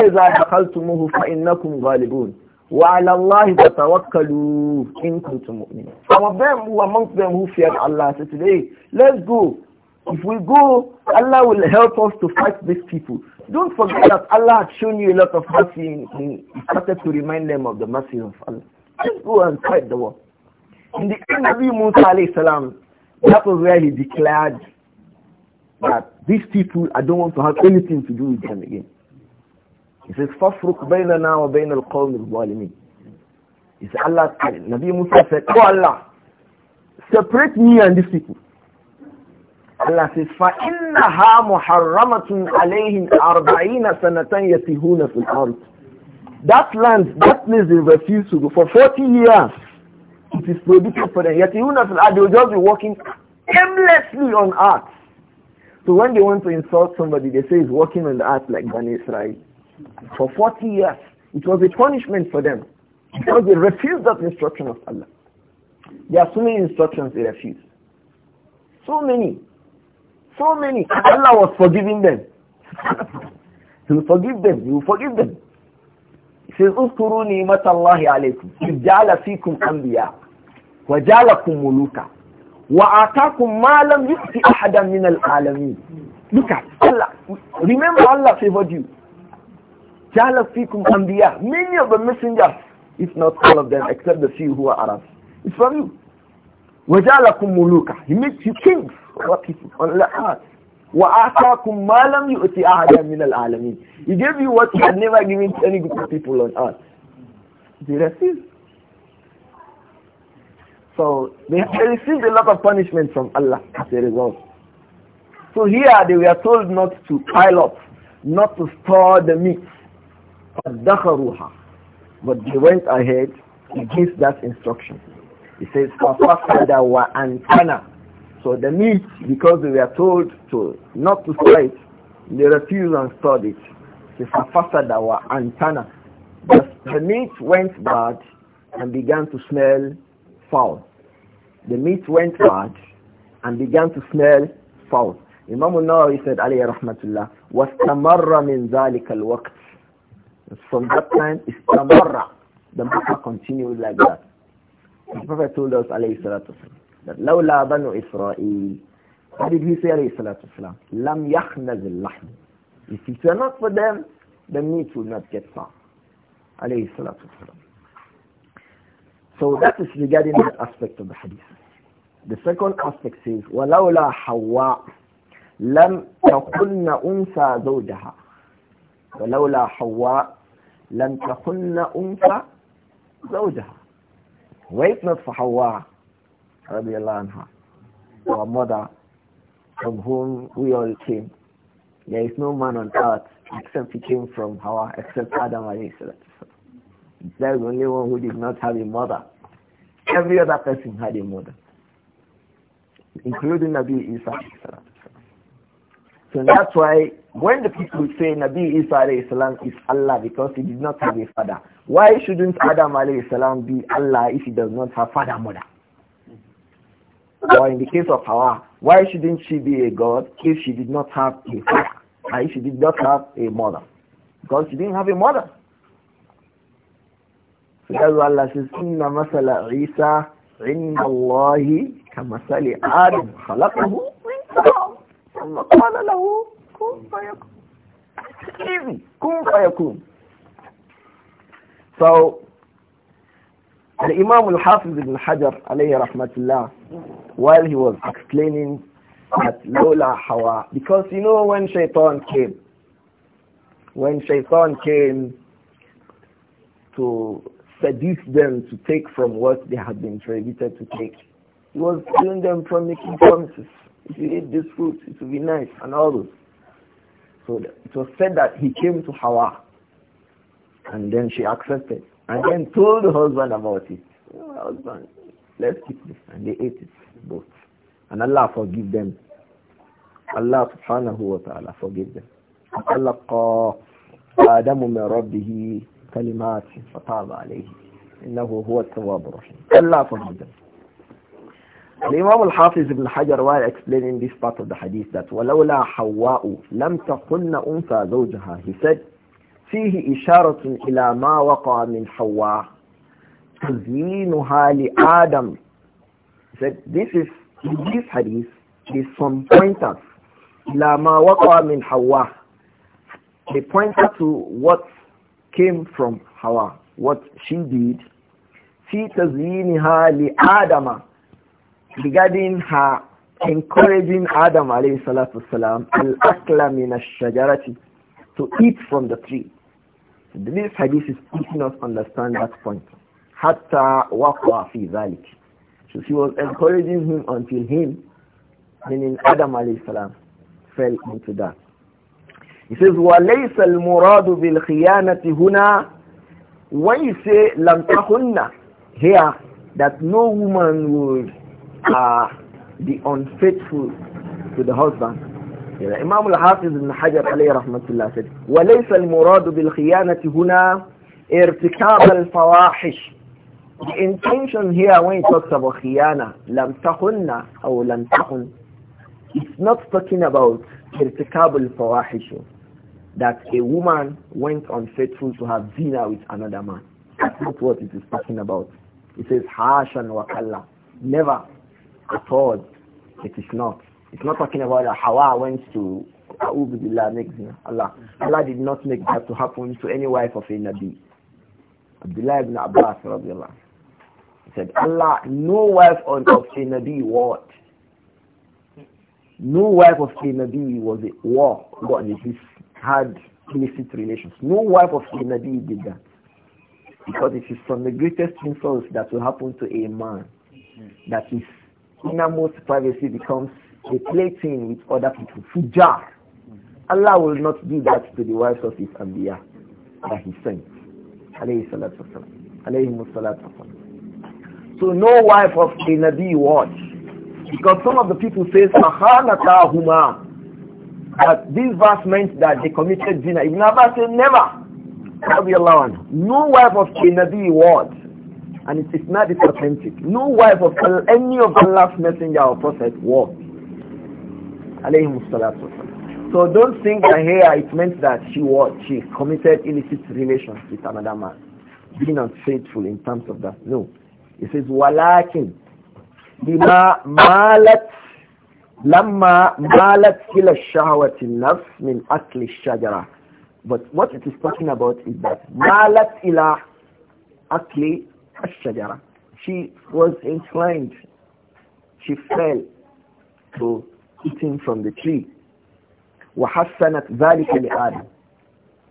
إذا دخلتموه فإنكم غالبون وعلى الله فتوكلوا in kuntum مؤمنين. Some of them who amongst them who feared Allah said today, let's go. If we go, Allah will help us to fight these people. Don't forget that Allah had shown you a lot of mercy he started to remind them of the mercy of Allah. Let's go and fight the war. In the end of Musa salam, that was where he declared that these people, I don't want to have anything to do with them again. He says, فَفْرُقْ بَيْنَنَا وَبَيْنَ الْقَوْمِ الظَّالِمِينَ He said, Allah, Nabi Musa said, Oh Allah, separate me and these people. Allah says, فَإِنَّهَا مُحَرَّمَةٌ عَلَيْهِمْ أَرْبَعِينَ سَنَةً يَتِهُونَ فِي الْأَرْضِ That land, that place they refused to go for 40 years. It is prohibited for them. Yet even as they will just be walking aimlessly on earth. So when they want to insult somebody, they say he's walking on the earth like Bani Israel. For 40 years, it was a punishment for them because they refused that instruction of Allah. There are so many instructions they refused. So many. So many. Allah was forgiving them. he will forgive them. He will forgive them. He says, اذكروا نعمة الله عليكم إذ جعل فيكم أنبياء وجعلكم ملوكا وآتاكم ما لم يؤت أحدا من العالمين Look at Allah. Remember Allah favored you. جعل فيكم أنبياء. Many of the messengers, if not all of them, except the few who are Arabs. It's from you. وجعلكم ملوكا. He makes you kings What people on the earth. وآتاكم ما لم يؤت أحدا من العالمين. He gave you what he had never given to any group of people on earth. I see? So they, they received a lot of punishment from Allah as a result. So here they were told not to pile up, not to store the meat. But they went ahead against that instruction. It says, So the meat, because they were told to not to store it, they refused and stored it. It says, The meat went bad and began to smell foul. The meat went bad and began to smell foul. Imam al-Nawawi said, alayhi rahmatullah, وَاسْتَمَرَّ مِنْ ذَلِكَ الْوَقْتِ From that time, istamarra. The matter continued like that. The Prophet told us, alayhi salatu that لَوْلَا بَنُوا إِسْرَائِيل What did he say, alayhi salatu wasalam? لَمْ يَخْنَزِ اللَّحْمِ If it were not for them, the meat would not get found. Alayhi salatu wasalam. So that is regarding that aspect of the hadith. The second aspect says, وَلَوْلَا حَوَّاء لَمْ تَقُلْنَ أُنْثَى زَوْجَهَا وَلَوْلَا حَوَّاء لَمْ تَقُلْنَ أُنْثَى زَوْجَهَا Wait not for Hawa, رضي الله عنها, our mother from whom we all came. There is no man on earth except he came from Hawa, except Adam alayhi salam there's is the only one who did not have a mother. Every other person had a mother, including Nabi Isa. So that's why when the people say Nabi Isa is Allah because he did not have a father, why shouldn't Adam salam be Allah if he does not have father mother? Or in the case of Hawa, why shouldn't she be a god if she did not have a father? Or if she did not have a mother? Because she didn't have a mother. That's الله Allah says, Inna masala عند الله كمثل آدم خلقه من تراب ثم قال له كن فيكون كن فيكون So الإمام الحافظ بن حجر عليه رحمة الله while he was explaining that لولا حواء because you know when shaitan came when shaitan came to seduce them to take from what they had been prohibited to take. He was telling them from making promises. If you eat this fruit, it will be nice, and all those. So it was said that he came to Hawa, and then she accepted, and then told the husband about it. Oh, husband, let's eat this. And they ate it, both. And Allah forgive them. Allah subhanahu wa ta'ala forgive them. كلمات فتاب عليه إنه هو التواب الرحيم Allah forgive them The Imam al-Hafiz ibn Hajar while explaining this part of the hadith that وَلَوْلَا حَوَّاءُ لَمْ تَقُلْنَ أُنْثَى زَوْجَهَا He said فيه إشارة إلى ما وقع من حواء تزيينها لآدم He said this is in this hadith is some pointers إلى ما وقع من حواء They pointed to what came from Hawa, what she did, fi tazyiniha li Adama, regarding her encouraging Adam alayhi salatu salam al-akla min ash-shajarati to eat from the tree. This hadith is making us understand that point. Hatta waqa fi dhalik. So she was encouraging him until him, meaning Adam alayhi salam, fell into that. He says, وَلَيْسَ الْمُرَادُ بِالْخِيَانَةِ هُنَا When you say لَمْ تَخُنَّ Here, that no woman would uh, be unfaithful to the husband. Yeah, Imam al-Hafiz ibn Hajar alayhi rahmatullah said, وَلَيْسَ الْمُرَادُ بِالْخِيَانَةِ هُنَا ارتكاب الفواحش The intention here when he talks about khiyana, لَمْ تَخُنَّ أو لَمْ تَخُنْ It's not talking about ارتكاب الفواحش that a woman went unfaithful to have zina with another man. That's not what it is talking about. It says hashan wa kalla. Never at all. It is not. It's not talking about that Hawa went to Billah make zina. Allah. Allah did not make that to happen to any wife of a Nabi. Abdullah ibn Abbas radiallahu He said, Allah, no wife of a Nabi what? No wife of a Nabi was a war, God is had illicit relations. No wife of the Nabi did that. Because it is from the greatest insults that will happen to a man that his innermost privacy becomes a plaything with other people. Fujar. Allah will not do that to the wives of his Anbiya that he sent. Alayhi So no wife of the Nabi watch. Because some of the people say, Sahanatahuma that this verse meant that they committed zina. Ibn Abbas said never. No wife of a Nabi was. And it is not authentic. No wife of any of the last messenger or prophet was. So don't think that here it meant that she was, she committed illicit relations with another man. Being unfaithful in terms of that. No. It says, walakin بِمَا malat. لما malat كلا الشهوة النفس من أكل But what it is talking about is that malat ila akli الشجرة She was inclined, she fell to eating from the tree. وحسنت ذلك لآدم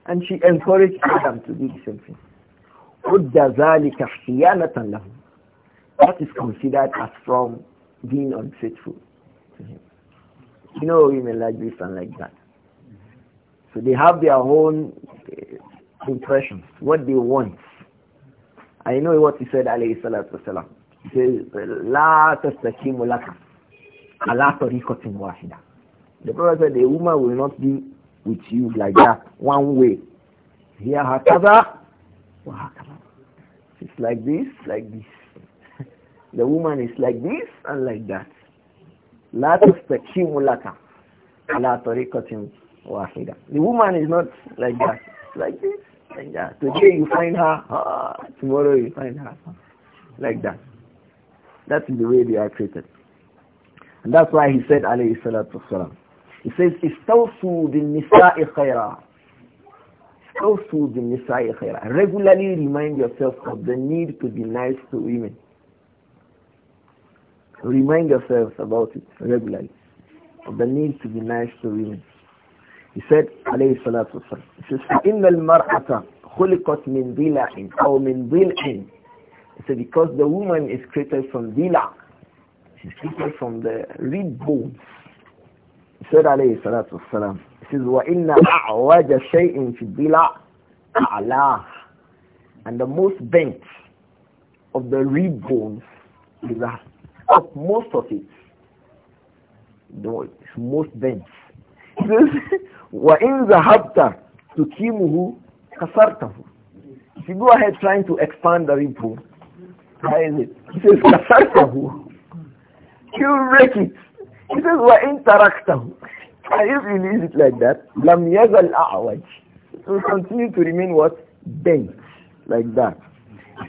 And she encouraged Adam to do the same thing. عد ذلك That is considered as from being unfaithful to him. You know women like this and like that. So they have their own uh, impressions, what they want. I know what he said, alayhi salatu wasalam. He says, La tastakimu laka ala tariqatin wahida. The Prophet said, a woman will not be with you like that, one way. Here hakaza wa hakaza. It's like this, like this. the woman is like this and like that. لا تستقيم لك على طريقة واحدة the woman is not like that like this like that today you find her ah, tomorrow you find her like that that's the way they are treated and that's why he said alayhi salatu wasalam he says istawsu bin nisa'i khayra istawsu bin nisa'i khayra regularly remind yourself of the need to be nice to women Remind yourselves about it regularly. Of the need to be nice to women. He said, alayhi salatu wasalam, he says, فَإِنَّ الْمَرْأَةَ خُلِقَتْ مِنْ ضِلَعٍ He said, because the woman is created from dila. She's created from the rib bones. He said, alayhi salatu wasalam, he says, وَإِنَّ أَعْوَجَ شَيْءٍ فِي الضِّلَعِ أَعْلَاهِ And the most bent of the rib bones is that of most of it. No, it's most bends. He says, وَإِنْ ذَهَبْتَ تُكِيمُهُ كَسَرْتَهُ If you go ahead trying to expand the ripple, is it? He says, كَسَرْتَهُ You break it. He says, وَإِنْ تَرَكْتَهُ And if you leave it like that, لَمْ يَزَلْ أَعْوَجْ It will continue to remain what? Bent. Like that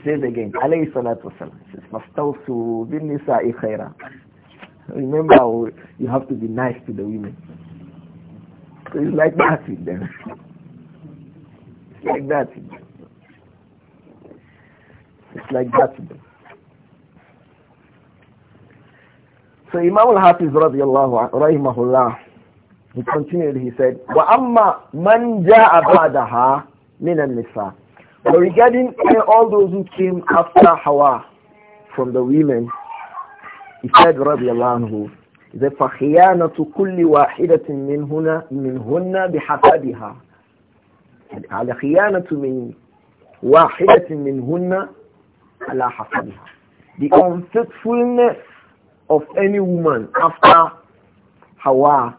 says again, alayhi salatu wasalam, says, فَاسْتَوْسُوا Nisa خَيْرًا Remember, you have to be nice to the women. So it's like that with them. It's like that with them. It's like that with them. So Imam al-Hafiz radiyallahu rahimahullah, he continued, he said, وَأَمَّا مَنْ جَاءَ بَعْدَهَا مِنَ النِّسَاءِ but regarding all those who came after Hawa from the women, he said, رضي الله عنه, إذا فخيانة كل واحدة منهن منهن بحسبها على خيانة من واحدة منهن على حسبها the unfaithfulness of any woman after Hawa,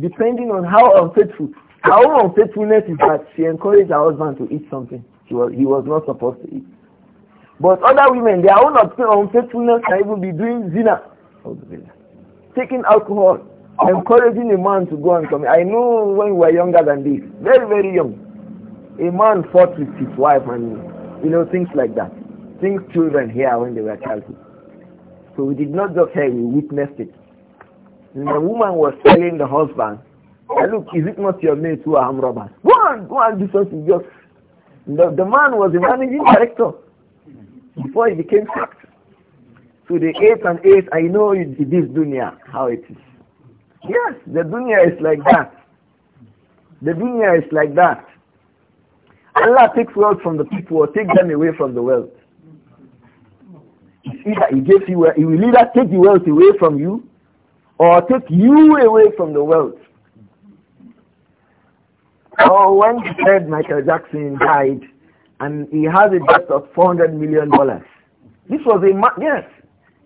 depending on how unfaithful. Her unfaithfulness is that she encouraged her husband to eat something. He was, he was not supposed to eat. But other women, their own unfaithfulness can even be doing zina, taking alcohol, encouraging a man to go and come. I know when we were younger than this, very, very young, a man fought with his wife and, you know, things like that. Things children hear when they were childhood. So we did not just hear, we witnessed it. And the woman was telling the husband, look, is it not your mates who are armed robbers? Go and, go and do something, just the, the man was the managing director before he became sacked. So the eighth and eighth, I know this dunya, how it is. Yes, the dunya is like that. The dunya is like that. Allah takes wealth from the people or take them away from the wealth. It's either he gives you, he will either take the wealth away from you or take you away from the wealth. Oh, when he said Michael Jackson died and he has a debt of 400 million dollars. This was a man, yes,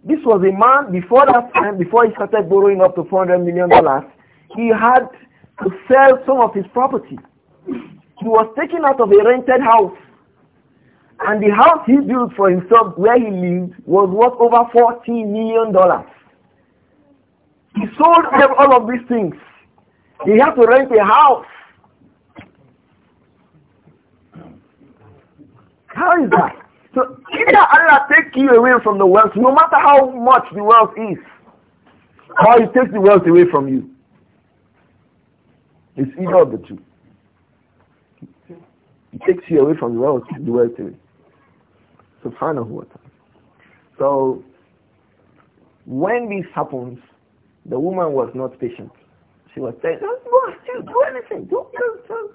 this was a man before that time, before he started borrowing up to 400 million dollars, he had to sell some of his property. He was taken out of a rented house. And the house he built for himself where he lived was worth over 40 million dollars. He sold all of these things. He had to rent a house How is that? So either Allah take you away from the wealth, no matter how much the wealth is, or He takes the wealth away from you. It's either of the two. He takes you away from the wealth, the wealth away. Subhanahu wa ta'ala. So when this happens, the woman was not patient. She was saying, no, not do anything, do, do, do.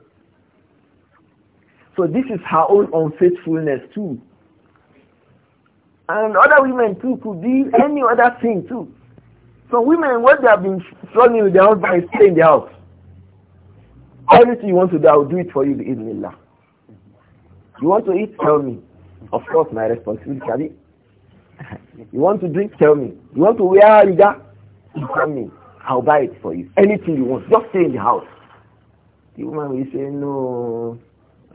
So this is her own unfaithfulness too. And other women too could be any other thing too. So women, what they have been struggling with their husband is stay in the house. Everything you want to do, I will do it for you, bi'idhnillah. You want to eat? Tell me. Of course, my responsibility. You want to drink? Tell me. You want to wear hijab? Tell me. I'll buy it for you. Anything you want. Just stay in the house. The woman will say, no,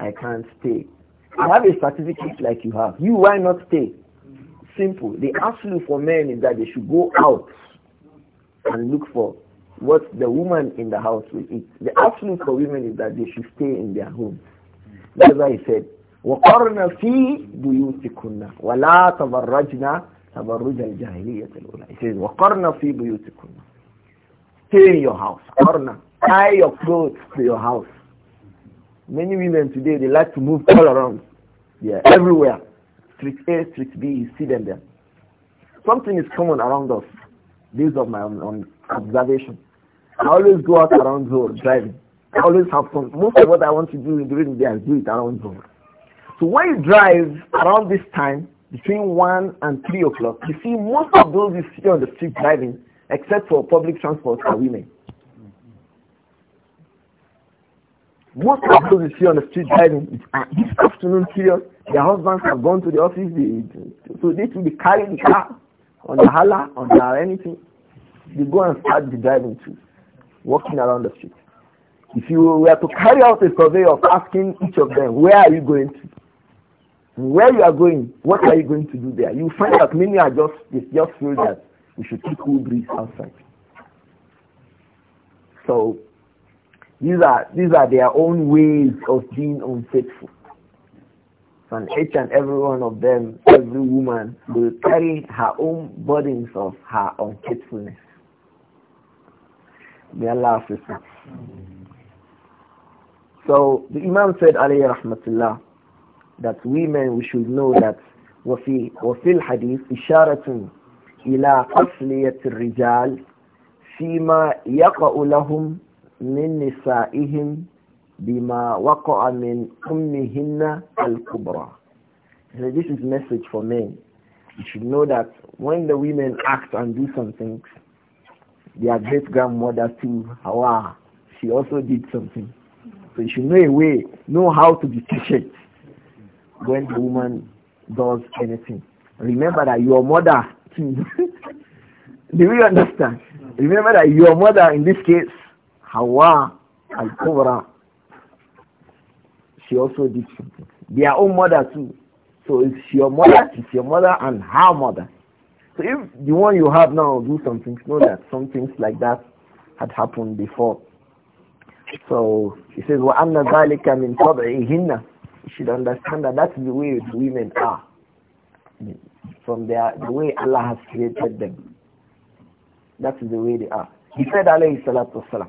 I can't stay. I have a certificate like you have. You, why not stay? Simple. The absolute for men is that they should go out and look for what the woman in the house will eat. The absolute for women is that they should stay in their homes. That's why he said, وَقَرْنَ فِي بُيُوتِكُنَّ وَلَا تَبَرَّجْنَا تَبَرُّجَ الْجَاهِلِيَّةِ الْأُولَى He says, وَقَرْنَ فِي بُيُوتِكُنَّ Stay in your house. قَرْنَ Tie your clothes to your house. Many women today, they like to move all around. They are everywhere. Street A, street B, you see them there. Something is common around us. This is my own, own observation. I always go out around road driving. I always have fun. Most of what I want to do during the day, I do it around road. So when you drive around this time, between 1 and 3 o'clock, you see most of those you see on the street driving, except for public transport, are women. Most of those you see on the street driving, ah, this afternoon period, their husbands have gone to the office, they, so they will be carrying the car on the hala, on the uh, anything. They go and start the driving too, walking around the street. If you were to carry out a survey of asking each of them, where are you going to? Where you are going, what are you going to do there? You find that many are just, they just feel that we should keep cool breeze outside. So these are, these are their own ways of being unfaithful. And each and every one of them, every woman, will carry her own burdens of her unfaithfulness. May Allah assist us. So the Imam said, alayhi rahmatullah, that women, we should know that وفي, وفي الحديث إشارة إلى قصلية الرجال فيما يقع لهم so this is message for men you should know that when the women act and do some things their great grandmother too Hawa she also did something so you should know a way know how to be patient when the woman does anything remember that your mother too do we understand remember that your mother in this case Hawa al-Kubra, she also did something. Their own mother too. So it's your mother, it's your mother and her mother. So if the one you have now do some things, know that some things like that had happened before. So he says, وَأَنَّ ذَلِكَ مِنْ طَبْعِهِنَّ You should understand that that's the way women are. From their, the way Allah has created them. That's the way they are. He said, alayhi salatu wasalam,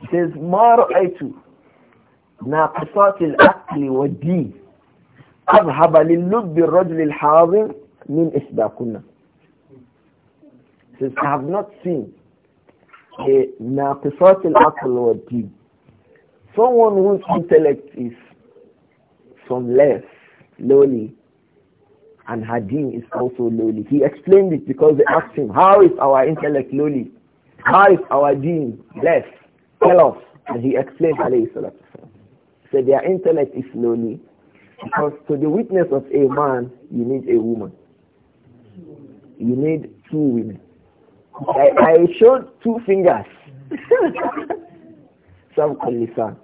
he says, ما رأيت ناقصات العقل والدين أذهب للب الرجل الحاضر min isbaquna Says, I have not seen a ناقصات wa والدين. Someone whose intellect is some less, lowly, and her deen is also lowly. He explained it because they asked him, how is our intellect lowly? How is our deen less? Tell us, And he explained, alayhi salatu said their intellect is lonely because to the witness of a man, you need a woman. You need two women. I, I showed two fingers. Some listen.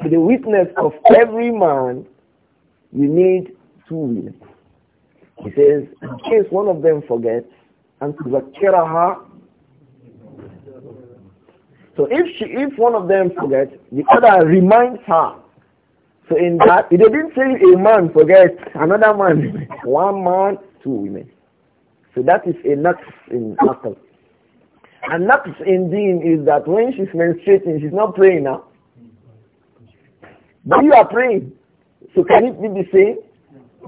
To the witness of every man, you need two women. He says, in case one of them forgets, and to zakiraha so if she, if one of them forgets, the other reminds her. So in that, it didn't say a man forgets, another man, one man, two women. So that is a nuts in akal. And nuts in deen is that when she's menstruating, she's not praying now. But you are praying. So can it be the same?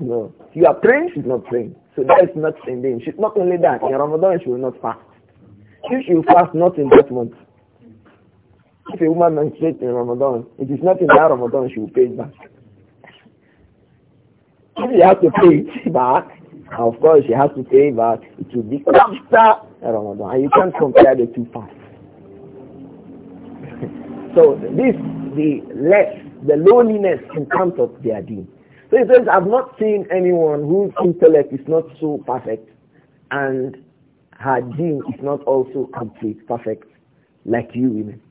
No. You are praying, she's not praying. So that is nuts in deen. She's not only that, in Ramadan she will not fast. If she will fast not in that month, if a woman menstruates in Ramadan, it is not in that Ramadan she will pay it back. If she has to pay it back, of course she has to pay it back, it will be after Ramadan. And you can't compare the two parts. so this, the less, the loneliness in terms of their deen. So he says, I've not seen anyone whose intellect is not so perfect and her deen is not also complete, perfect, like you women.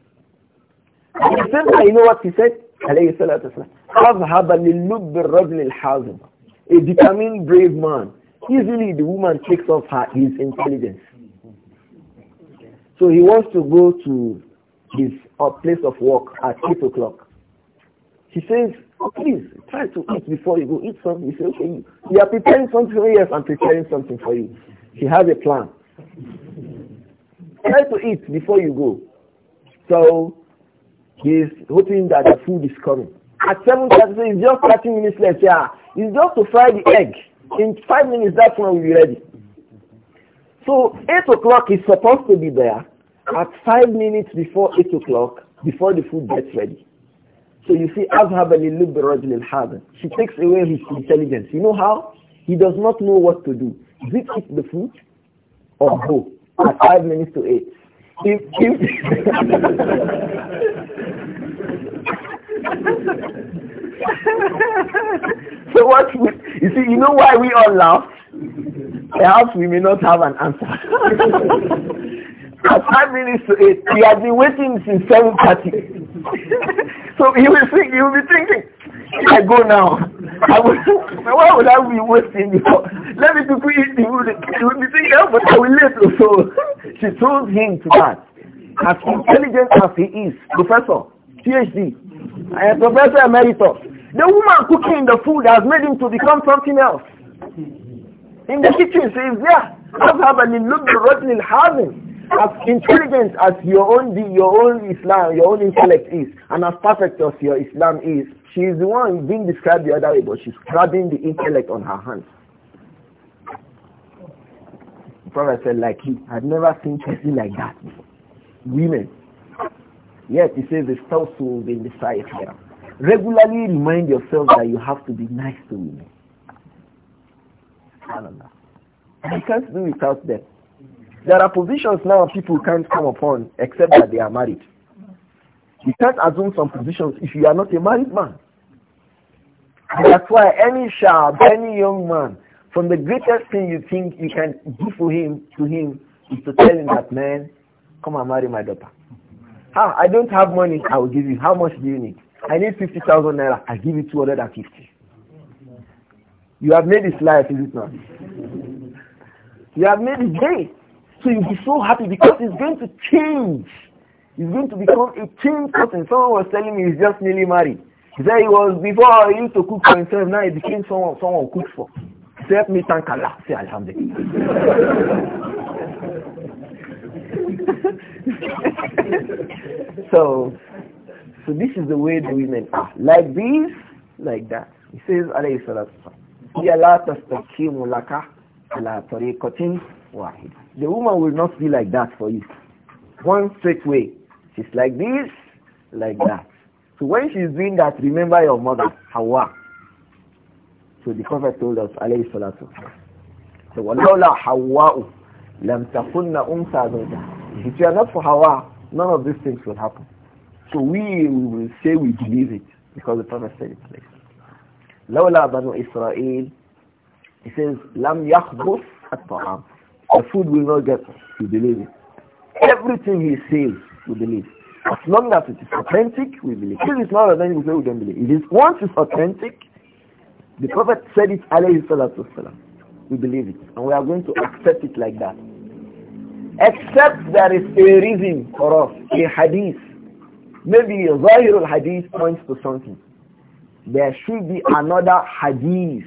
And he said that, you know what he said? Alayhi أَذْهَبَ لِلُّبِّ الرَّجْلِ الْحَازِمَ A determined, brave man. Easily the woman takes off her, his intelligence. So he wants to go to his uh, place of work at 8 o'clock. He says, oh, please, try to eat before you go. Eat something. You says, okay, you are preparing something. Oh, yes, I'm preparing something for you. She has a plan. try to eat before you go. So He's hoping that the food is coming. At 7.30, it's just 30 minutes left. Yeah, it's just to fry the egg. In five minutes, that one will be ready. So 8 o'clock is supposed to be there at 5 minutes before 8 o'clock, before the food gets ready. So you see, أَذْهَبَ لِلُّبِّ رَجْلِ الْحَاذَ She takes away his intelligence. You know how? He does not know what to do. Is it eat the food or go at 5 minutes to 8? If, if You know why we all laugh? Perhaps we may not have an answer. At five minutes to eight, he have been waiting since seven thirty. so he will think he will be thinking, I go now. I will why would I be wasting before? Let me quickly eat the food. He will be thinking, oh, but I will late so she told him to that. As intelligent as he is, Professor, PhD, I am Professor Emeritus. The woman cooking the food has made him to become something else. In the kitchen, yeah, I have an للب الرجل الحازم as intelligent as your own your own Islam, your own intellect is, and as perfect as your Islam is, she is the one being described the other way, but she's grabbing the intellect on her hands. The Prophet said, like he I've never seen person like that Women. Yet he says the spouse will be in the side here. Regularly remind yourself that you have to be nice to women. You can't do without them. There are positions now people can't come upon except that they are married. You can't assume some positions if you are not a married man. And that's why any child, any young man, from the greatest thing you think you can do for him, to him, is to tell him that man, come and marry my daughter. Ah, I don't have money, I will give you. How much do you need? I need 50,000 naira. I give you 250. You have made his life, is it not? You have made his day. So you'll be so happy because it's going to change. He's going to become a changed person. Someone was telling me he's just newly married. He said he was before he used to cook for himself. Now he became someone someone cooked for. He said, me thank Allah. Say Alhamdulillah. so so this is the way the women are. Like this, like that. He says, alayhi salatu wasalam. The woman will not be like that for you. One straight way. She's like this, like that. So when she's doing that, remember your mother, Hawa. So the Prophet told us, alayhi salatu So walawla If you are not for Hawa, none of these things will happen. So we, we will say we believe it because the Prophet said it. لولا بنو Israel. he says لم at الطعام the food will not get us. we believe it everything he says we believe as long as it is authentic we believe if it's not authentic we say we don't believe it is once it's authentic the prophet said it alayhi salatu wasalam we believe it and we are going to accept it like that except there is a reason for us a hadith Maybe Zahirul Hadith points to something. There should be another Hadith.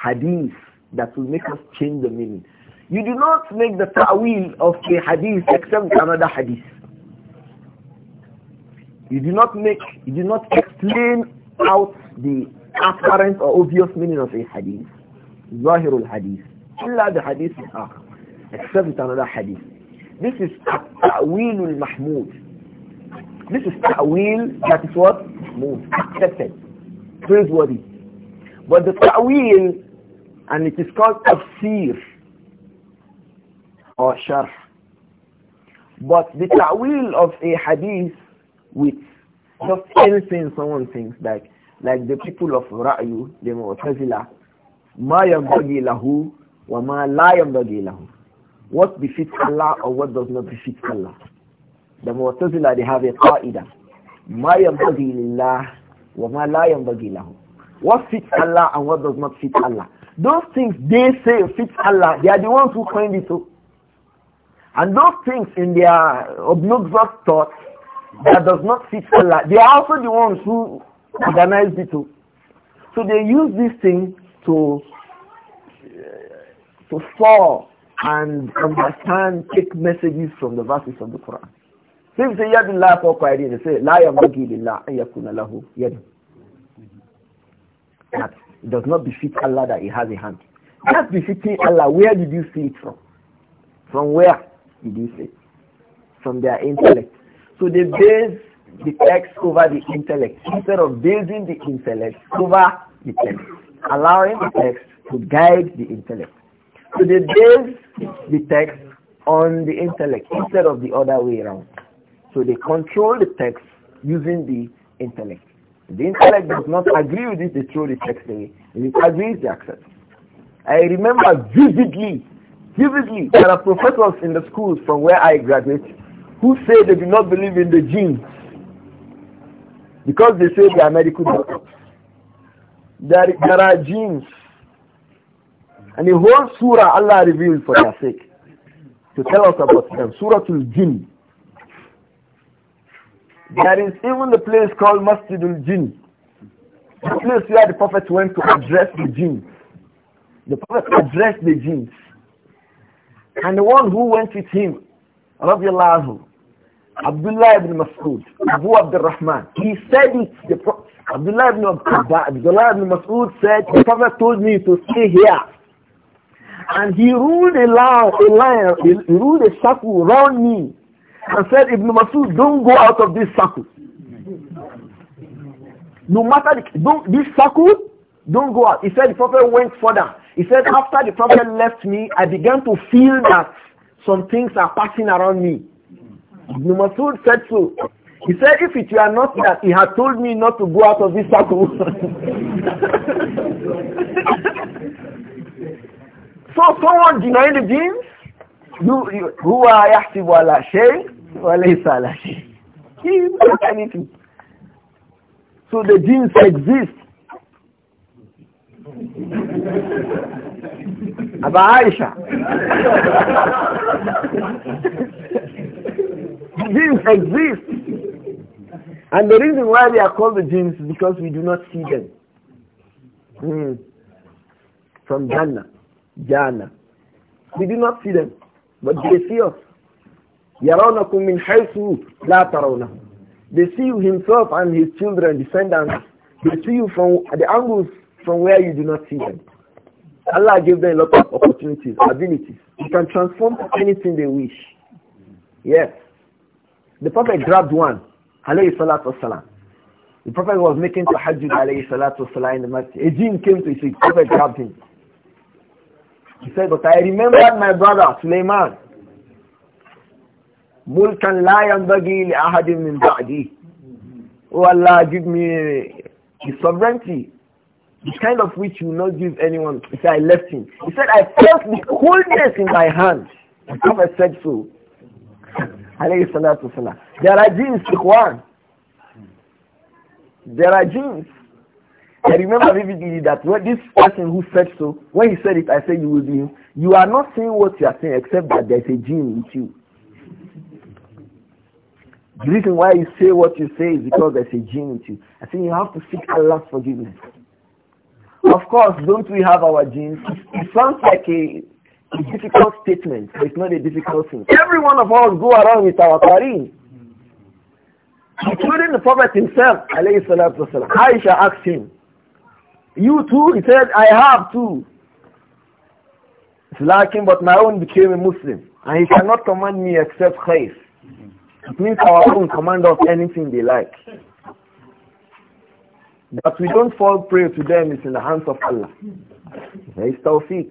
Hadith that will make us change the meaning. You do not make the ta'wil of a hadith except another hadith. You do not make, you do not explain out the apparent or obvious meaning of a hadith. Zahirul hadith. إلا the hadith الآخر. Except another hadith. This is ta'wilul mahmud. This is a will that is what? Moved, accepted, praiseworthy. But the ta'wil, and it is called tafsir or sharf. But the ta'wil of a hadith with just anything someone thinks, like like the people of Ra'yu, the Mu'tazila, ma yambagi lahu wa ma la yambagi lahu. What befits Allah or what does not befit Allah. The Mu'tazila, they have a qaida. ما ينبغي لله وما لا ينبغي له. What fits Allah and what does not fit Allah. Those things they say fits Allah, they are the ones who coined it too. And those things in their obnoxious thought that does not fit Allah, they are also the ones who organized it too. So they use this thing to uh, to fall and understand, take messages from the verses of the Quran. So if you say yadullah fawqa aydihim, say la yabghi lillah an yakuna lahu yadun. That it does not befit Allah that he has a hand. That befitting Allah. Where did you see it from? From where did you see it? From their intellect. So they base the text over the intellect instead of basing the intellect over the text, allowing the text to guide the intellect. So they base the text on the intellect instead of the other way around. So they control the text using the intellect. the intellect does not agree with it, they throw the text away. If it agrees, they accept. I remember vividly, vividly, there are professors in the schools from where I graduate who say they do not believe in the genes because they say they are medical doctors. There, there are genes. And the whole surah Allah revealed for their sake to tell us about them. Surah Al-Jinn. There is even the place called Masjidul Jinn, the place where the Prophet went to address the jinn. The Prophet addressed the jinns. And the one who went with him, Radiallahu, Abdullah ibn Mas'ud, Abu Abdurrahman, he said it, the Pro Abdullah ibn, Abdullah ibn Mas'ud said, the Prophet told me to stay here. And he ruled a line, a line, he ruled a circle around me and said, Ibn Masud, don't go out of this circle. No matter the, don't, this circle, don't go out. He said the prophet went further. He said, after the prophet left me, I began to feel that some things are passing around me. Ibn Masud said so. He said, if it were not that he had told me not to go out of this circle. so someone denying the deen, who are yahtibu ala shay, وليس على شيء he not anything so the jinns exist Aba Aisha exist and the reason why they are called the jinns is because we do not see them mm. from Jannah Jannah we do not see them but they see us يَرَوْنَكُمْ مِنْ حَيْثُ لَا تَرَوْنَهُمْ They see you himself and his children, descendants. They see you from the angles from where you do not see them. Allah gave them a lot of opportunities, abilities. They can transform anything they wish. Yes. The Prophet grabbed one, alayhi salatu wasalam. The Prophet was making tahajjud, alayhi salatu wasalam, in the masjid. A jinn came to his feet. Prophet grabbed him. He said, but I remembered my brother, Suleiman." mulkan la yanbaghi li ahadin min ba'di. Oh Allah, give me the sovereignty, the kind of which you will not give anyone. He said, I left him. He said, I felt the coldness in my hand. The Prophet said so. there are genes, Ikhwan. There are genes. I remember vividly that when this person who said so, when he said it, I said, you will be, you are not saying what you are saying except that there is a gene with you. The reason why you say what you say is because there's a gene in you. I think you have to seek Allah's forgiveness. Of course, don't we have our genes? It sounds like a, a difficult statement, but it's not a difficult thing. Every one of us go around with our Kareem. Including the Prophet himself, alayhi salatu wasalam. Aisha asked him, you too? He said, I have too. It's lacking, but my own became a Muslim. And he cannot command me except khayf. It means our own command us anything they like. That we don't fall prey to them is in the hands of Allah. There is tawfiq.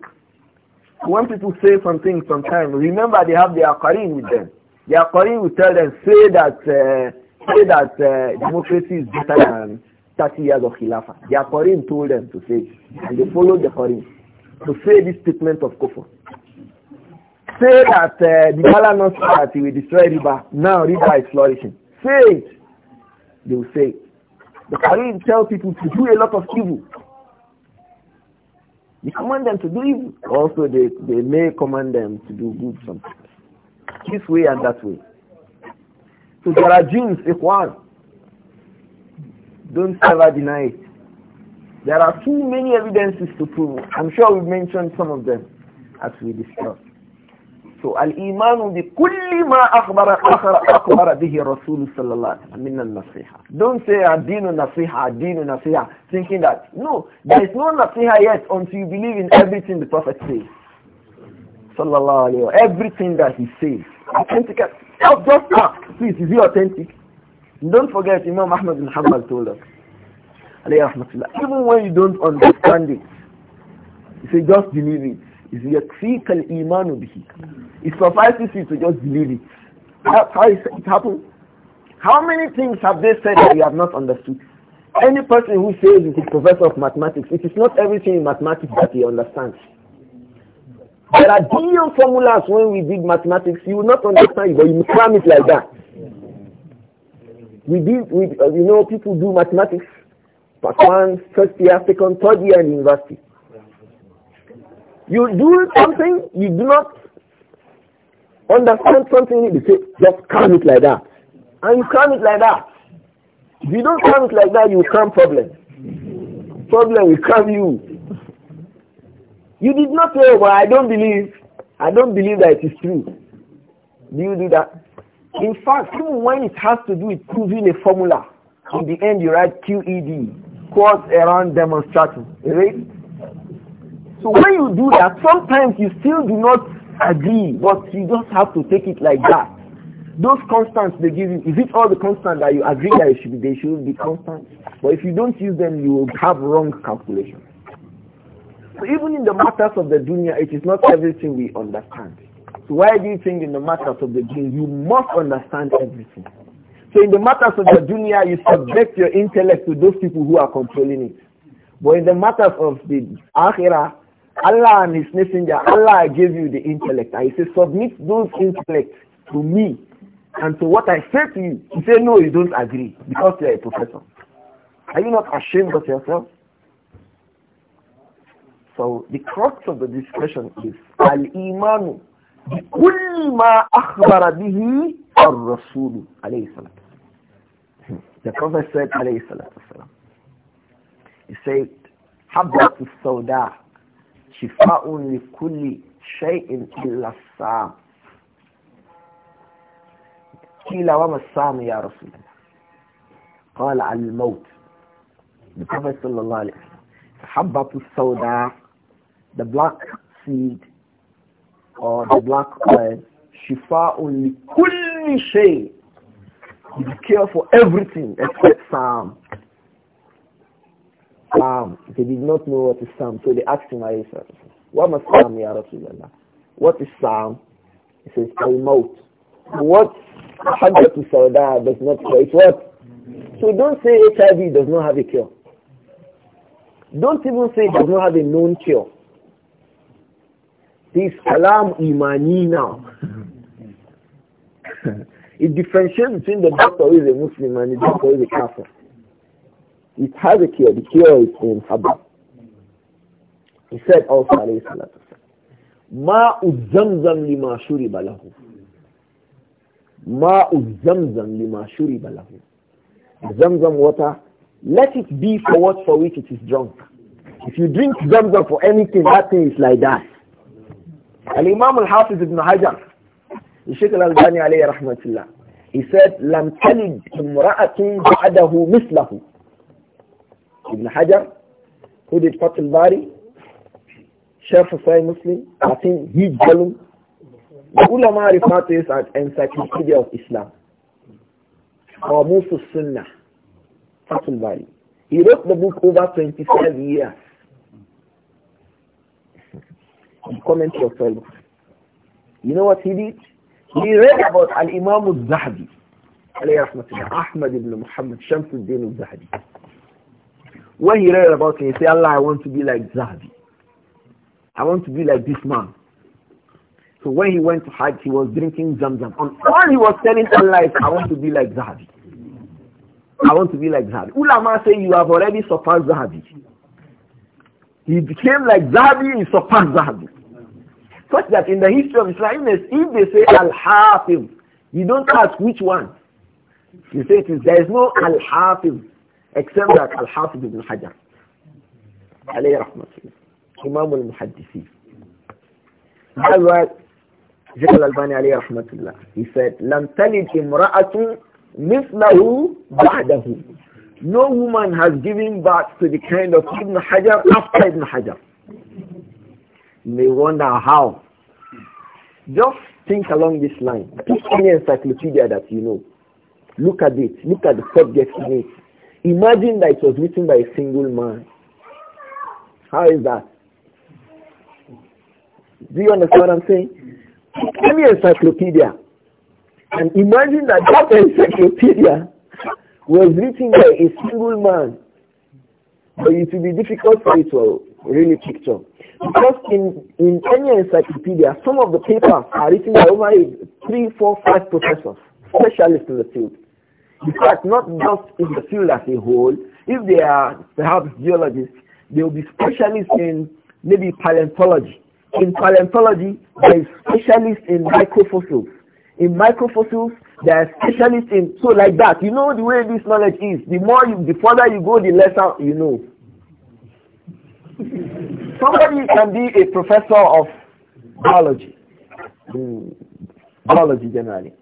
When people say something sometimes, remember they have their qarin with them. Their qarin will tell them, say that, uh, say that uh, democracy is better than 30 years of khilafah. Their qarin told them to say, and they followed the qarin to say this statement of kufr. Say that uh, the Bala not that he will destroy riba. Now riba is flourishing. Say it. They will say it. The Quran tells people to do a lot of evil. You command them to do evil. Also, they, they may command them to do good sometimes. This way and that way. So there are jinns, ikhwan. Don't ever deny it. There are too many evidences to prove. I'm sure we have mentioned some of them as we discussed. الإيمان بكل ما أخبر أخر أخبر به الرسول صلى الله عليه وسلم من النصيحة. don't say الدين nasiha الدين nasiha thinking that no there is no nasiha yet until you believe in everything the prophet says صلى الله عليه وسلم everything that he says authentic oh, just ask please is he authentic don't forget imam ahmad bin hanbal told us even when you don't understand it you say just believe it is yakfika al-iman bihi It suffices you to just believe it. That's how it happened. How many things have they said that you have not understood? Any person who says he's a professor of mathematics, it is not everything in mathematics that he understands. There are billion formulas when we did mathematics. You will not understand it, but you cram it like that. We did, we, uh, you know, people do mathematics, first one, first year, second, third year in university. You do something, you do not understand something, you say, just calm it like that. And you calm it like that. If you don't calm it like that, you calm problem. Problem will calm you. You did not say, well, I don't believe. I don't believe that it is true. Do you do that? In fact, even when it has to do with proving a formula, in the end you write QED, quote around demonstrating, right? So when you do that, sometimes you still do not agree, but you just have to take it like that. Those constants they give you, is it all the constants that you agree that should be, they should be constant? But if you don't use them, you will have wrong calculations. So even in the matters of the dunya, it is not everything we understand. So why do you think in the matters of the dunya, you must understand everything? So in the matters of the dunya, you subject your intellect to those people who are controlling it. But in the matters of the akhirah, Allah and His Messenger, Allah gave you the intellect. I say submit those intellect to me and to what I say to you. You say, no, you don't agree because you are a professor. Are you not ashamed of yourself? So the crux of the discussion is al-imanu بكل ما أخبر به الرسول Rasul alayhi والسلام. Hmm. The Prophet said "Alayhi الصلاة والسلام. He said, حبة السوداء شفاء لكل شيء إلا الصام قيل وما الصام يا رسول الله قال الموت The Prophet صلى الله عليه وسلم حبة السوداء the black seed or the black oil شفاء لكل شيء be careful for everything except Psalm Um, they did not know what is Sam, So they asked him, What is Psalm, Ya Rasulullah? What is Psalm? He says, Al-Maut. What Hajjat to Sauda does not cure. It's what? So don't say HIV does not have a cure. Don't even say it does not have a known cure. This Kalam Imani now. it differentiates between the doctor who is a Muslim and the doctor who is a Catholic. It has a cure. The cure is in Habba. He said also, ma salatu ماء الزمزم لما شرب له ماء الزمزم لما شرب له Zamzam water, let it be for what for which it is drunk. If you drink Zamzam for anything, that thing is like that. Al-Imam al-Hafiz ibn Hajar, the Sheikh al-Albani alayhi rahmatullah, he said, لم تلد امرأة mislahu.'" Ibn Hajar, who did Fatul Bari, Sheikh Sahih Muslim, I think he volume. The ulama refer to this as Encyclopedia of Islam or He wrote the book over 25 years. He commented on Sahih You know what he did? He read about Al-Imam al zahdi Ahmad ibn Muhammad Shamsuddin al zahdi When he read about him, he said, Allah, I want to be like Zabi. I want to be like this man. So when he went to Hajj, he was drinking Zamzam. And all he was telling Allah is, I want to be like Zabi. I want to be like Zabi." Ulama say you have already surpassed Zabi. He became like Zabi he surpassed Zabi. Such that in the history of Islam, if they say Al-Hafiz, you don't ask which one. You say it is, there is no Al-Hafiz. Except that Al-Hafiz ibn Hajar, alayhi rahmatullah, Imam al-Muhaddisi. That's why Sheikh al-Albani alayhi rahmatullah, he said, لَمْ تَلِدْ إِمْرَأَةٌ مِثْلَهُ بَعْدَهُ No woman has given birth to the kind of Ibn Hajar after Ibn Hajar. You may wonder how. Just think along this line. Pick any encyclopedia that you know. Look at it. Look at the subject in it. Imagine that it was written by a single man. How is that? Do you understand what I'm saying? Any encyclopedia. And imagine that that encyclopedia was written by a single man. But it will be difficult for it to really picture. Because in, in any encyclopedia, some of the papers are written by over three, four, five professors, specialists in the field. In fact, not just in the field as a whole, if they are perhaps geologists, they will be specialists in maybe paleontology. In paleontology, there is specialists in microfossils. In microfossils, there are specialists in, so like that. You know the way this knowledge is. The more you, the further you go, the lesser you know. Somebody can be a professor of biology, hmm. biology generally.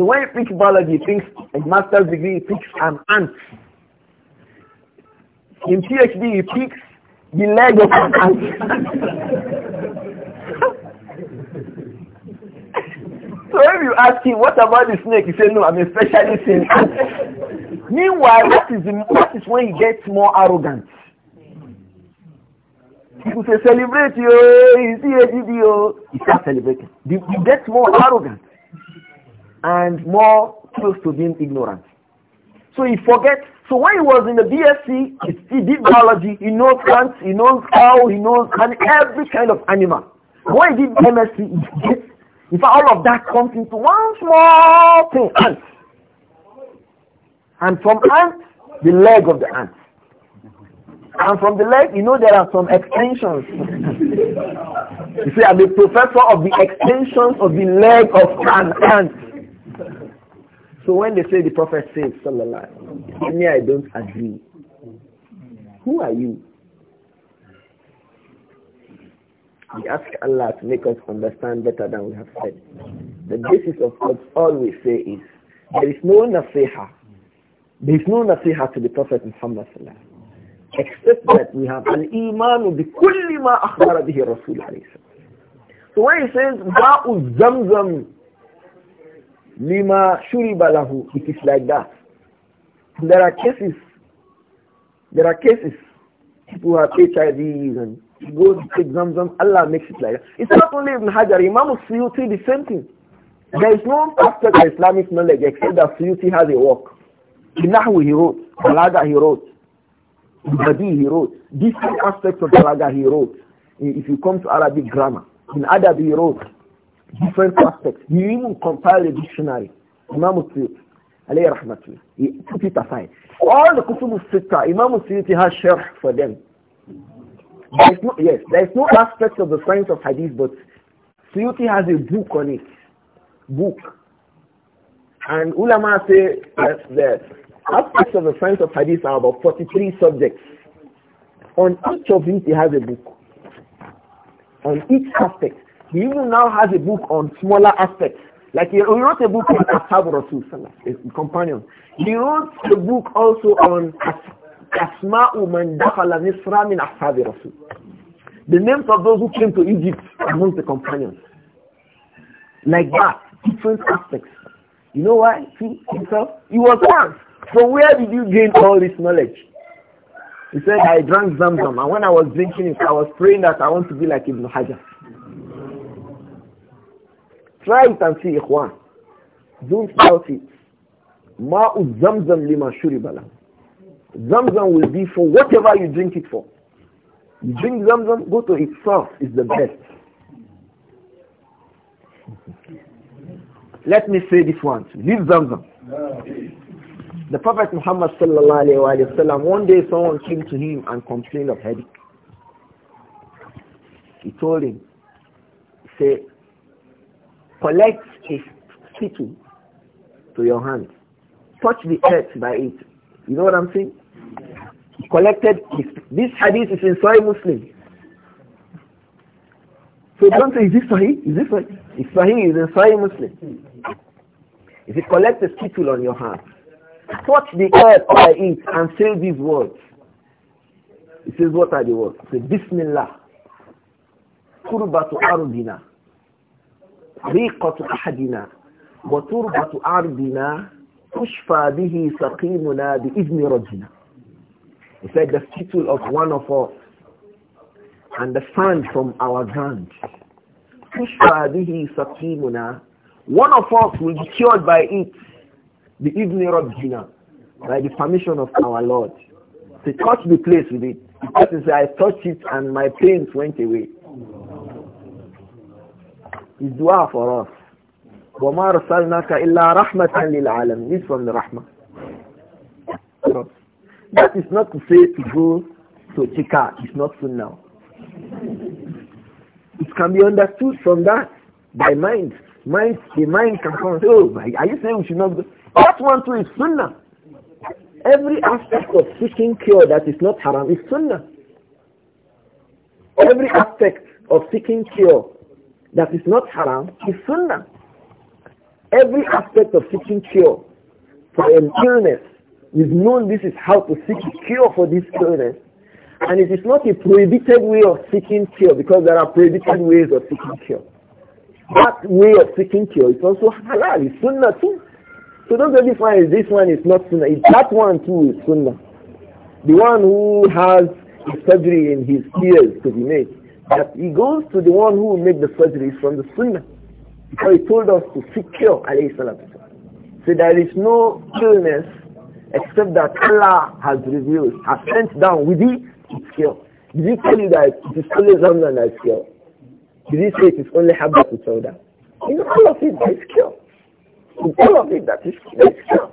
So when you picks biology, you think a master's degree, you pick an ant. In PhD, you picks the leg of an ant. so if you ask him, what about the snake? He says, no, I'm a specialist in ants. Meanwhile, that is, the, that is when he gets more arrogant. People say, celebrate, yo, oh, you see a video. He starts celebrating. He gets more arrogant and more close to being ignorant. So he forgets. So when he was in the BSc, he did biology, he knows plants, he knows cow, he knows and every kind of animal. When he did MSc, he gets, in fact, all of that comes into one small thing, ant. And from ant, the leg of the ant. And from the leg, you know there are some extensions. you see, I'm the professor of the extensions of the leg of an ant. So when they say the Prophet says, Sallallahu me I don't agree. Who are you? We ask Allah to make us understand better than we have said. The basis of what all we say is, there is no nasiha. There is no nasiha to the Prophet Muhammad Sallallahu except that we have an iman bi kulli ma akhbara bihi Rasul alayhi So when he says, Ba'u zamzam, Lima shuribalahu. It is like that. There are cases. There are cases. People have HIV and go to take Zamzam. Allah makes it like that. It's not only in Hajar. Imam Suyuti, the same thing. There is no aspect of Islamic knowledge except that Suyuti has a work. In Nahwu he wrote. Balaga he wrote. In Badi he wrote. Different aspects of Balaga he wrote. If you come to Arabic grammar. In Adab he wrote different aspects. He even compiled a dictionary. Imam Suyuti, alayhi rahmatullah. He put it aside. All the Kutub Sitta, Imam Suyuti has sharh for them. There is no, yes, there is no aspect of the science of hadith, but Suyuti has a book on it. Book. And ulama say that the aspects of the science of hadith are about 43 subjects. On each of these, he has a book. On each aspect. He even now has a book on smaller aspects. Like he, wrote a book on Asabu Rasul, his companion. He wrote a book also on Asma'u man dakhala Misra min Ashab Rasul. The names of those who came to Egypt among the companions. Like that, different aspects. You know why? He himself, he was one. From where did you gain all this knowledge? He said, I drank Zamzam, and when I was drinking it, I was praying that I want to be like Ibn Hajar. Try it and see, Ikhwan. Don't doubt it. Ma'u zamzam lima shuribala. Zamzam will be for whatever you drink it for. You drink zamzam, go to itself. It's the best. Let me say this once. Leave zamzam. The Prophet Muhammad sallallahu alayhi wa sallam, one day someone came to him and complained of headache. He told him, say, Collect a sticky to your hand. Touch the earth by it. You know what I'm saying? He collected his, this hadith is in Sahih Muslim. So don't say, is this Sahih? Is this Sahih? It's Sahih, is in Sahih Muslim. If you collect a spittle on your hand, touch the earth by it and say these words. He says, what are the words? Say, Bismillah. Kurubatu Arudina. ريقة أحدنا وتربة أرضنا تشفى به سقيمنا بإذن ربنا He said the title of one of us and the sand from our ground. Tushfa bihi sakimuna. One of us will be cured by it. The evening of Jina. By the permission of our Lord. He touch the place with it. The said, I touched it and my pains went away. It's dua for us. وَمَا رَسَلْنَاكَ إِلَّا رَحْمَةً لِلْعَالَمِينَ It's from the rahmah. that is not to say to go to Tika. It's not sunnah. It can be understood from that by mind. Mind, the mind can come and say, oh, are you saying we should not go? That one too is sunnah. Every aspect of seeking cure that is not haram is sunnah. Every aspect of seeking cure that is not haram is sunnah. Every aspect of seeking cure for an illness, we've known this is how to seek a cure for this illness. And it is not a prohibited way of seeking cure because there are prohibited ways of seeking cure. That way of seeking cure is also halal, it's sunnah too. So don't get defined this one is not sunnah. It's that one too is sunnah. The one who has surgery in his ears to be made that he goes to the one who will make the surgery from the sunnah. So he told us to seek cure, alayhi salatu So there is no illness except that Allah has revealed, has sent down with it its cure. Did he tell you that it is only Zamzam that is cure? Did he say it is only to tell that? In all of it that is cure. In all of it that is, that is cure.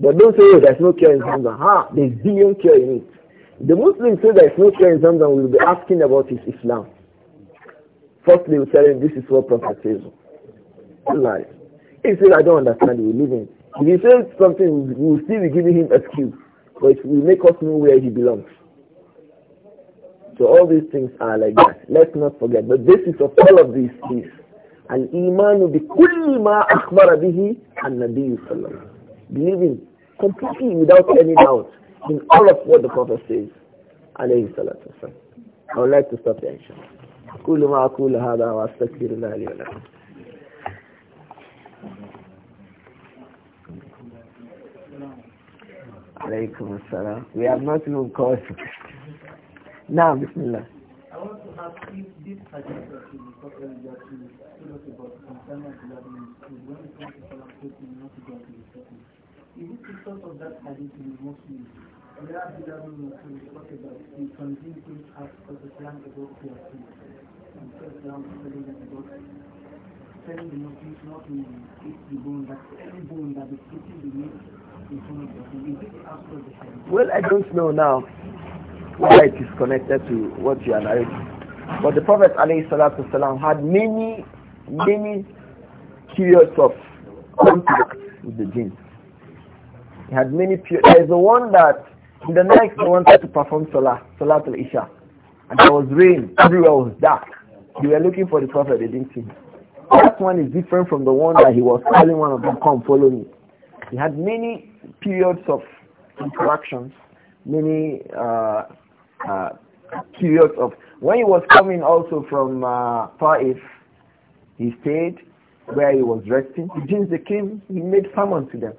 But don't say, oh, there's no cure in Zamzam. Ha, there's billion cure in it. The Muslims say there is no cure in Zamzam, we will be asking about his Islam. Firstly, we tell him this is what Prophet says. Lies. he says, I don't understand, we leave him. If he says something, we will still be giving him excuse, but it will make us know where he belongs. So all these things are like that. Let's not forget. The basis of all of these is al iman bi kulli ma akhbara bihi an-nabi sallallahu Believing completely without any doubt in all of what the Prophet says, alayhi salatu wasalam. I would like to stop there, inshallah. أقول ما أقول we have not even called نعم I want to ask if this hadith that you about concerning the when it comes to not is it because of that hadith in Muslim? Allah talked about he convincing us of the plan about and down telling the Muslims not to eat the bone, every bone that is the meat of the Is it after the hadith? Well, I don't know now why it is connected to what you are narrating. But the Prophet ﷺ had many, many periods of conflict with the jinn. He had many pure. There is the one that in the night he wanted to perform Salah, Salah Isha. And there was rain, everywhere was dark. They were looking for the Prophet, they didn't see him. That one is different from the one that he was telling one of them, come follow me. He had many periods of interactions, many uh, uh, periods of... When he was coming also from uh, Taif, he stayed where he was resting. The jinns they came, he made famine to them.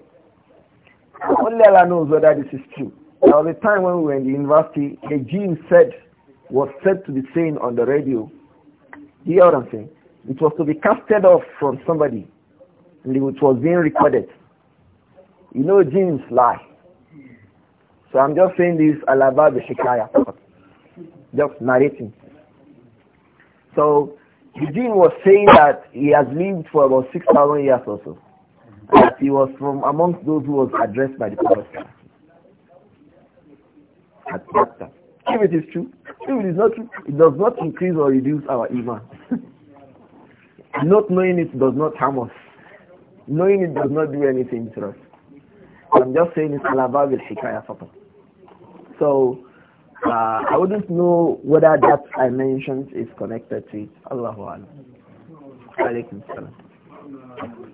Only Allah knows whether this is true. There was a time when we were in the university, a gene said, was said to be saying on the radio, you hear what I'm saying? It was to be casted off from somebody, and it was being recorded. You know genes lie. So I'm just saying this alaba the shikaya, just narrating. So the gene was saying that he has lived for about 6,000 years or so that he was from amongst those who was addressed by the Prophet. At If it is true, if it is not true, it does not increase or reduce our iman. not knowing it does not harm us. Knowing it does not do anything to us. I'm just saying it's alaba with hikayah faqat. So, uh, I wouldn't know whether that I mentioned is connected to it. Allahu Alam. Alaykum salam.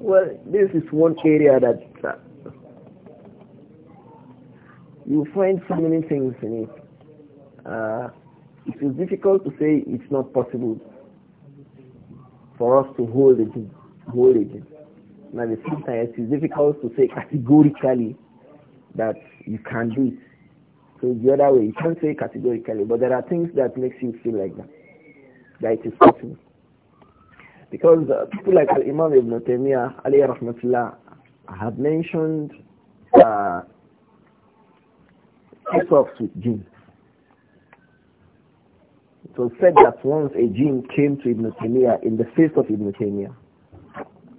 well this is one area that uh, you find so many things in it uh, it is difficult to say it's not possible for us to hold it hold it and at the same time it is difficult to say categorically that you can do it so the other way. You can't say categorically, but there are things that makes you feel like that, that it is possible. Because uh, people like imam Ibn Taymiyyah, alayhi rahmatullah, have mentioned uh, of with jinn. It was said that once a jinn came to Ibn Taymiyyah in the face of Ibn Taymiyyah,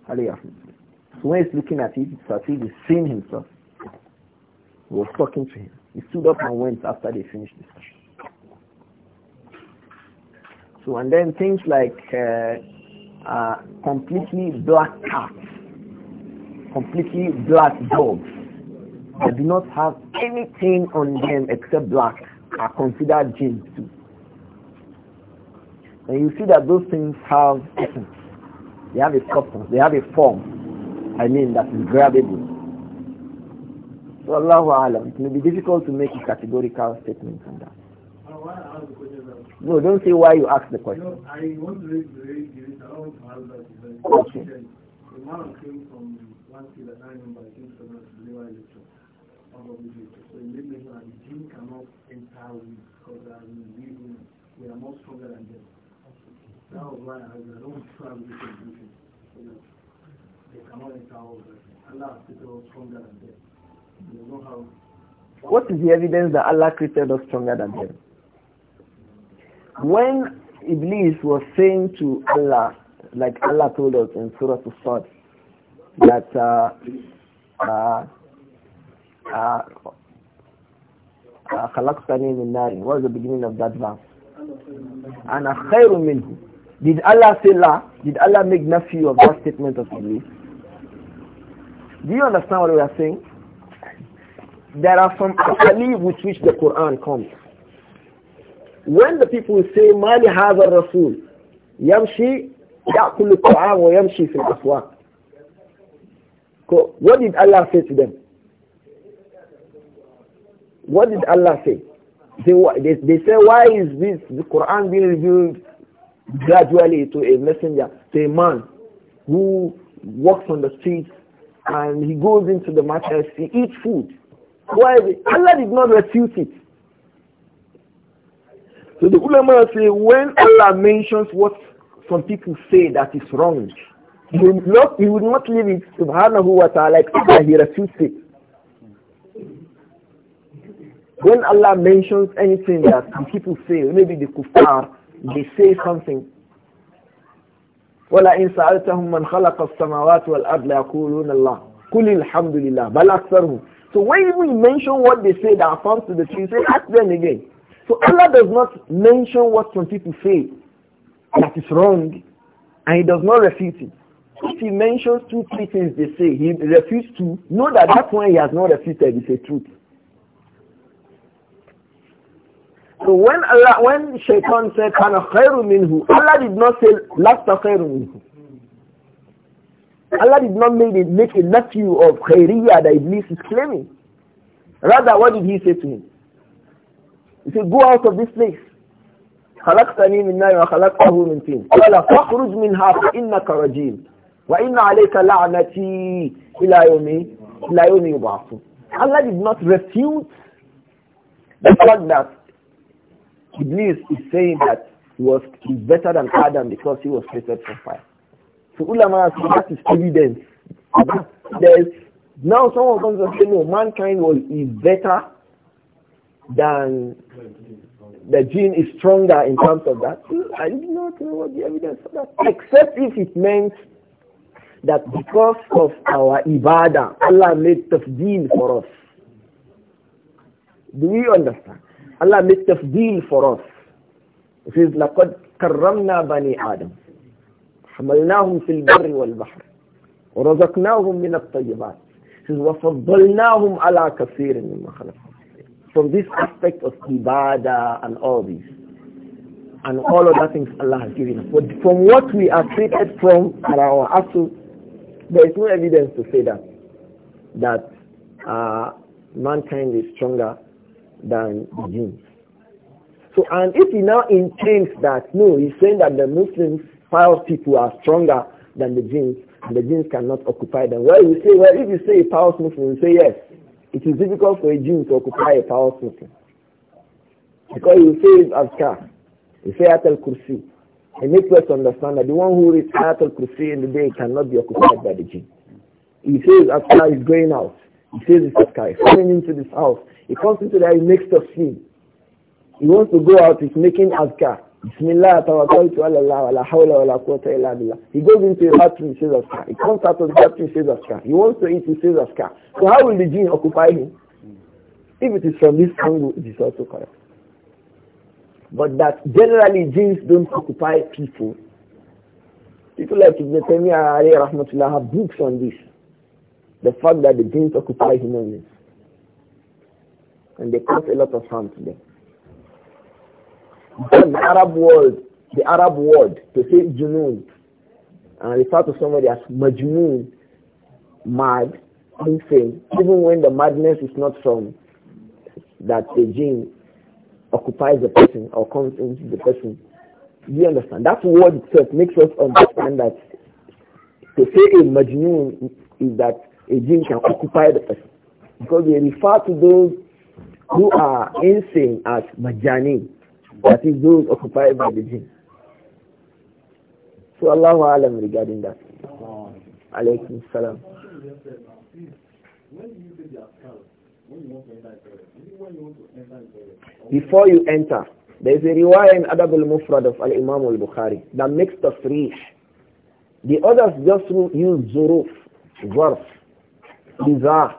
alayhi rahmatullah. So when he's looking at it, he as he's seeing himself. He was talking to him. He stood up and went after they finished discussion. So, and then things like uh, uh, completely black cats, completely black dogs that do not have anything on them except black are considered jinns too. And you see that those things have essence. They have a substance. They have a form. I mean, that is grabbable. Allahu Alam, it may be difficult to make a categorical statement on that. No, don't say why you ask the question. No, I want to raise the I want to that. Okay. The man came from one field that I remember, I came from a the So in the lecture, the Jew cannot enter with because I mean, we are more stronger than them. That was why I don't want to have this They cannot enter all of Allah is stronger than them. What is the evidence that Allah created us stronger than them? When Iblis was saying to Allah, like Allah told us in Surah Al-Sad, that uh, uh, uh, uh khalaqtani min What is the beginning of that verse? Ana khayrun minhu. Did Allah say la? Did Allah make nephew of that statement of Iblis? Do you understand what we are saying? there are some asalib with which the Quran comes. When the people say, Mali Hazar Rasul, Yamshi, Ya'kulu Quran wa Yamshi fil Aswaq. What did Allah say to them? What did Allah say? They, they, they say, why is this, the Quran being revealed gradually to a messenger, to a man who walks on the streets and he goes into the market, he eats food. Why? Allah did not refute it. So the ulama say when Allah mentions what some people say that is wrong, he would not, he will not leave it subhanahu wa ta'ala except he refutes it. When Allah mentions anything that some people say, maybe the kuffar, they say something. وَلَئِنْ سَأَلْتَهُمْ مَنْ خَلَقَ السَّمَاوَاتِ وَالْأَرْضَ لَيَقُولُونَ اللَّهُ قُلِ الْحَمْدُ لِلَّهِ بَلْ أَكْثَرُهُمْ so when we mention what they say that comes to the truth, say, ask them again. So Allah does not mention what some people say that is wrong, and He does not refute it. If He mentions two, three things they say, He refutes to know that that one He has not refuted is a truth. So when Allah, when Shaitan said, Allah did not say, "Lasta khairun Allah did not make, it, make a nephew of Khairiyya that Iblis is claiming. Rather, what did he say to him? He said, go out of this place. منها رجيم وإن عليك لعنتي إلى إلى يوم يبعثون Allah did not refute the fact that Iblis is saying that he was better than Adam because he was created from fire. So ulama say that is evidence. There's now someone comes and say no, mankind was is better than the gene is stronger in terms of that. I do not know what the evidence for that. Except if it meant that because of our ibadah, Allah made tafdeel for us. Do we understand? Allah made tafdeel for us. It says, لَقَدْ كَرَّمْنَا بَنِي آدَمَ حملناهم في البر والبحر ورزقناهم من الطيبات وفضلناهم على كثير مما خلق from this aspect of ibadah and all these and all other things Allah has given us but from what we are treated from at our asu there is no evidence to say that that uh, mankind is stronger than the jinns so and if he now intends that no he's saying that the Muslims pious people are stronger than the genes, and the genes cannot occupy them. Well, you say, well, if you say a pious Muslim, you say yes. It is difficult for a gene to occupy a pious Muslim. Because you say it's as car. You say Atal Kursi. And make us understand that the one who reads Atal Kursi in the day cannot be occupied by the gene. He says Askar is going out. He says it's Askar. He's coming into this house. He comes into there, he makes us sleep. He wants to go out, he's making Askar. Bismillah, tawakkaltu ala Allah, wa la hawla wa la quwwata illa billah. He goes into a bathroom, he says askar. He comes out of the bathroom, he says askar. He wants to eat, he says askar. So how will the jinn occupy him? If it is from this angle, it is also correct. But that generally jinns don't occupy people. People like Ibn Taymiyyah alayhi rahmatullah have books on this. The fact that the jinns occupy humans And they cause a lot of harm to them the Arab word, the Arab word to say junoon and refer to somebody as majnoon, mad, insane, even when the madness is not from that a gene occupies the person or comes into the person. you understand? That word itself makes us understand that to say a majnoon is that a gene can occupy the person. Because they refer to those who are insane as majani. That is those occupied by the jinn. So Allahu Alam regarding that. Alaykum salam. Before you enter, there is a riwayah in Adab al-Mufrad of al-Imam al-Bukhari that makes the free. The others just use zuruf, zarf, bizarre.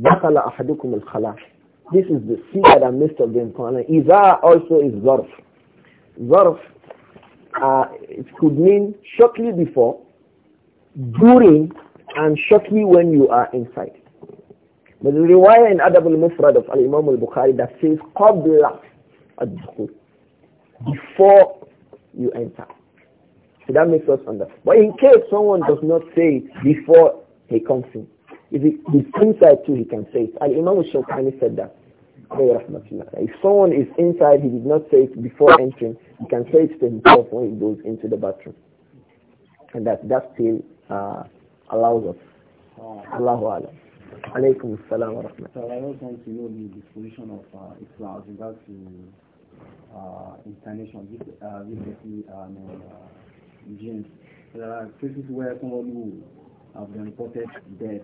دخل أحدكم الخلاء this is the siga that most of them call Iza also is zarf. Zarf, uh, it could mean shortly before, during, and shortly when you are inside. But the riwayah in Adab al-Mufrad of al-Imam al-Bukhari that says qabla ad-dukhul, before you enter. So that makes us understand. But in case someone does not say it before he comes in, if he, he's inside too, he can say it. Al Imam al-Shawkani said that. If someone is inside, he did not say it before entering, he can say it to himself when he goes into the bathroom. And that, that still uh, allows us. Allahu Alam. Alaykum assalam wa rahmatullah. I also want to know the disposition of uh, Islam with regards to uh, incarnation, this, uh, recently, um, uh, genes. Uh, there are cases where someone who have been reported dead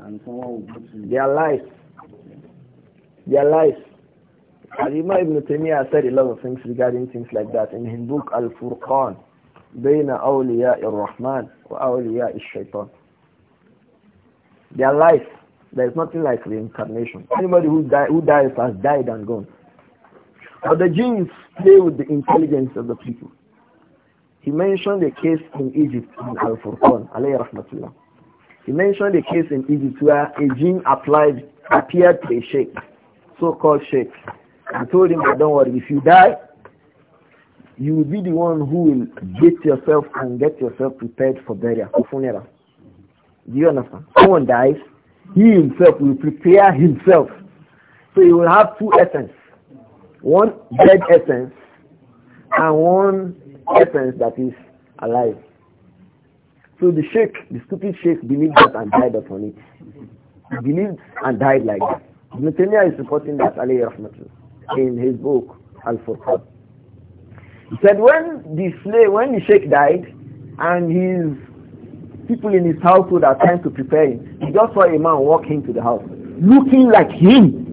and someone who go to... Their life their life. al Ibn Taymiyyah said a lot of things regarding things like that in his book Al-Furqan, Bayna Awliya Ar-Rahman wa Awliya Ash-Shaytan. Their life, there is nothing like reincarnation. Anybody who, die, who dies has died and gone. But the jinns play with the intelligence of the people. He mentioned a case in Egypt in Al-Furqan, alayhi rahmatullah. He mentioned a case in Egypt where a jinn applied, appeared to a sheikh so-called sheikh and told him that don't worry, if you die, you will be the one who will get yourself and get yourself prepared for burial, for funeral. Do you understand? Someone dies, he himself will prepare himself. So you will have two essence. One dead essence and one essence that is alive. So the sheikh, the stupid sheikh believed that and died upon it. He believed and died like that. Ibn Taymiyyah is reporting that Ali rahmatullah in his book Al-Furqan. He said when the slave, when the sheikh died and his people in his household are trying to prepare him, he just saw a man walk into the house looking like him.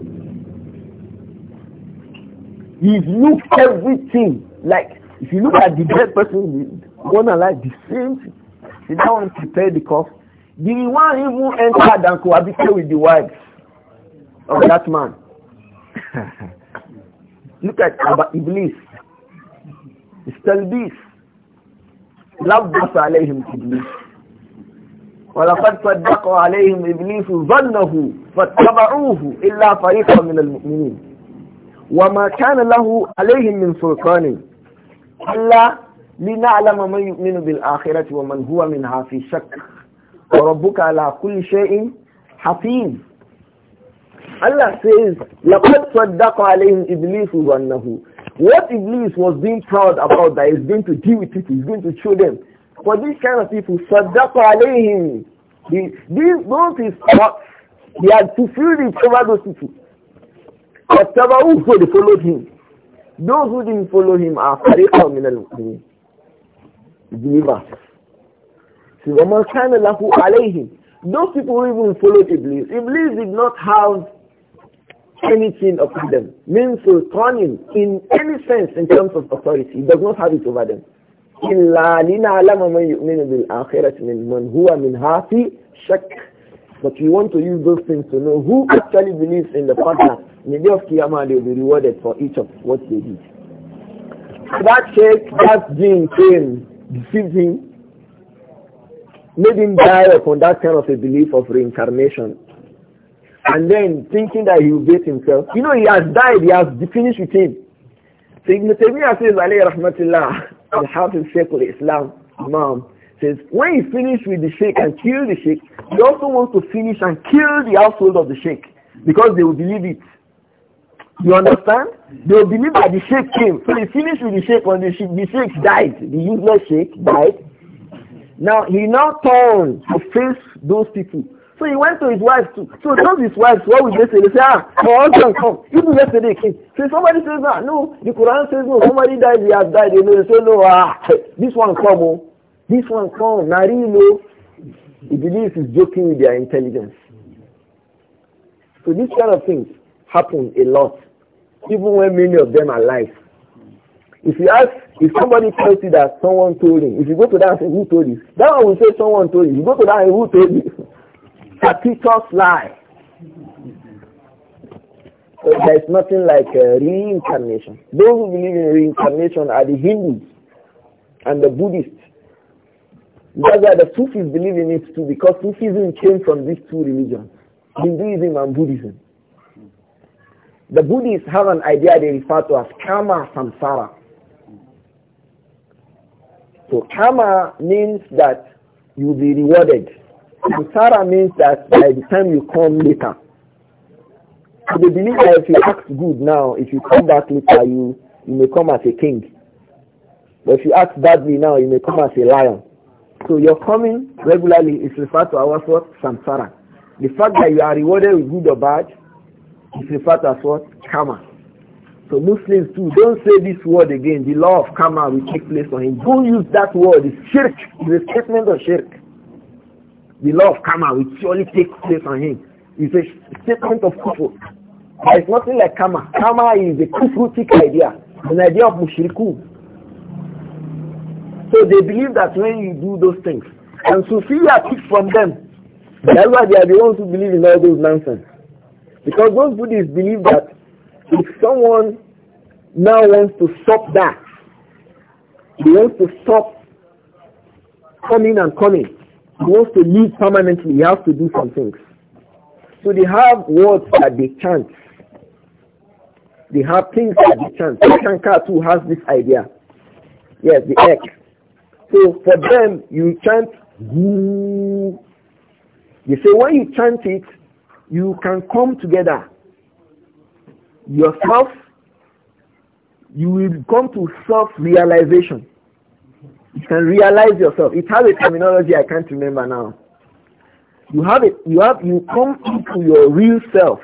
He looked everything like if you look at the dead person, one alive, the same thing. See, that one prepared the because The one even entered and cohabited with the wives. of that man. Look at Abba Iblis. It's talbis. لبس عليهم Iblis. ولقد صدقوا عليهم إبليس ظنه فاتبعوه إلا فريقا من المؤمنين وما كان له عليهم من سلطان إلا لنعلم من يؤمن بالآخرة ومن هو منها في شك وربك على كل شيء حفيظ Allah says, لَقَدْ صَدَّقَ عَلَيْهِمْ إِبْلِيسُ وَأَنَّهُ What Iblis was being proud about that he's going to deal with it, he's going to show them. For these kind of people, صَدَّقَ عَلَيْهِمْ he, these, those his thoughts, he had fulfilled it over those people. But Tabahu, they followed him. Those who didn't follow him are Fariqa min al-Mu'minin. Believers. So, وَمَا كَانَ لَهُ عَلَيْهِمْ Those people who even followed Iblis, Iblis did not have anything of them. Means sultanin in any sense in terms of authority. He does not have it over them. But we want to use those things to know who actually believes in the partner. In the day of Qiyamah, they will be rewarded for each of what they did. That sheikh, that jinn came, deceived him, made him die upon that kind of a belief of reincarnation and then thinking that he will get himself. You know, he has died, he has finished with him. So Ibn Taymiyyah says, alayhi rahmatullah, al-Hafiz Sheikh al-Islam, Imam, says, when he finished with the sheikh and killed the sheikh, he also wants to finish and kill the household of the sheikh because they will believe it. You understand? They will believe that the sheikh came. So they finished with the sheikh when the sheikh, the sheikh died, the useless sheikh died. Now he now turns to face those people so he went to his wife too. So those his wife, what would they say? They say, ah, my husband come. Even yesterday came. So somebody says, ah, no, the Quran says no. Somebody died, he has died. They, know, they say, no, ah, this one come, oh. This one come. no, oh. He believes he's joking with their intelligence. So these kind of things happen a lot, even when many of them are lies. If you ask, if somebody tells you that someone told him, if you go to that and say, who told you? That one will say someone told you. You go to that and who told you? perpetuous lie. So there is nothing like uh, reincarnation. Those who believe in reincarnation are the Hindus and the Buddhists. That's why the Sufis believe in it too, because Sufism came from these two religions, Hinduism and Buddhism. The Buddhists have an idea they refer to as karma samsara. So karma means that you will be rewarded. Samsara means that by the time you come later. So they believe that if you act good now, if you come back later, you, you may come as a king. But if you act badly now, you may come as a lion. So your coming regularly is referred to as what? Samsara. The fact that you are rewarded with good or bad is referred to as what? Karma. So Muslims too, don't say this word again. The law of karma will take place on him. Don't use that word. It's shirk. It's a statement of shirk the law of karma will surely take place on him. It's a statement of kufu. it's nothing like karma. Karma is a kufrutic idea, an idea of mushriku. So they believe that when you do those things, and Sufiya took from them. That's why they are the ones who believe in all those nonsense. Because those Buddhists believe that if someone now wants to stop that, he wants to stop coming and coming, he wants to live permanently, he has to do some things. So they have words that they chant. They have things that they chant. Shankar too has this idea. Yes, the egg. So for them, you chant You say when you chant it, you can come together. Yourself, you will come to self-realization. You can realize yourself. It has a terminology I can't remember now. You have it. You have you come into your real self,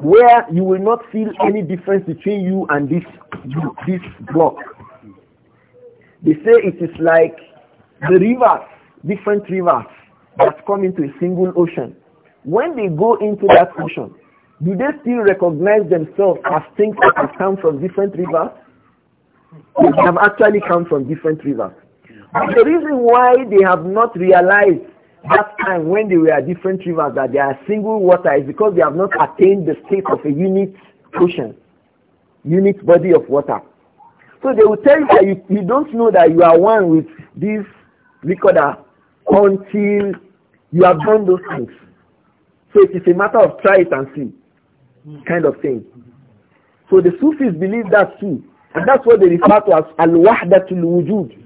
where you will not feel any difference between you and this this block. They say it is like the rivers, different rivers that come into a single ocean. When they go into that ocean, do they still recognize themselves as things that have come from different rivers? They have actually come from different rivers. the reason why they have not realized that time when they were different rivers that they are single water is because they have not attained the state of a unit ocean, unit body of water. So they will tell you that you, you don't know that you are one with this recorder until you have done those things. So it is a matter of try it and see kind of thing. So the Sufis believe that too. And that's what they refer to as al-wahdatul wujud.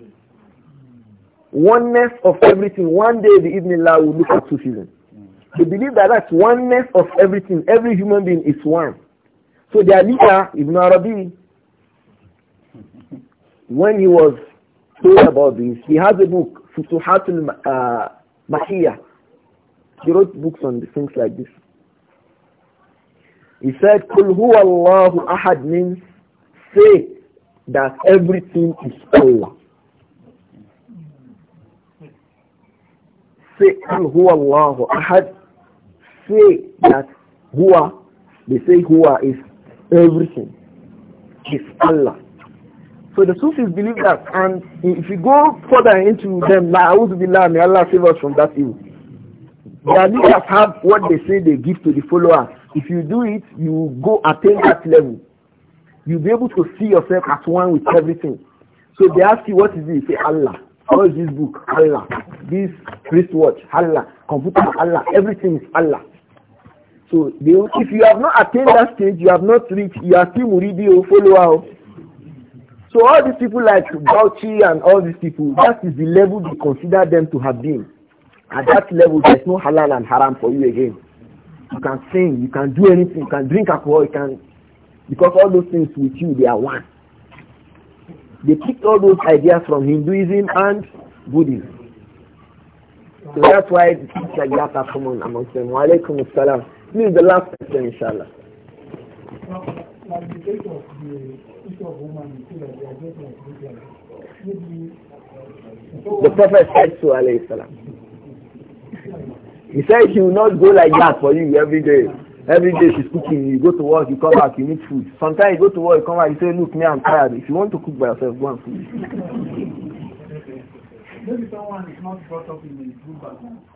Oneness of everything. One day the Ibnillah will look at seasons. They believe that that's oneness of everything. Every human being is one. So their leader, Ibn Arabi, when he was told about this, he has a book, Futuhat uh, Mahiya. He wrote books on things like this. He said, Kul huwa Allahu ahad means say, that everything is Allah. Say huwa Allah ahad. Say that huwa, they say huwa is everything. Is Allah. So the Sufis believe that and if you go further into them, I be may Allah save us from that evil. The leaders have what they say they give to the followers. If you do it, you go attain that level. You'll be able to see yourself at one with everything. So they ask you, what is it? You say, Allah. How is this book, Allah. This wristwatch, Allah. Computer, Allah. Everything is Allah. So they, if you have not attained that stage, you have not reached, you are still Muridi or oh, follower. Oh. So all these people like Bauchi and all these people, that is the level they consider them to have been. At that level, there's no halal and haram for you again. You can sing, you can do anything, you can drink alcohol, you can because all those things with you, they are one. They picked all those ideas from Hinduism and Buddhism. So that's why things like that are common amongst them. Wa alaikum assalam. This is the last question, inshallah. the the Prophet said to alayhi salam. He said he will not go like that for you every day. Every day she's cooking. You go to work, you come back, you need food. Sometimes you go to work, you come back, you say, look, me, I'm tired. If you want to cook by yourself, go and cook. Maybe someone is not brought up in group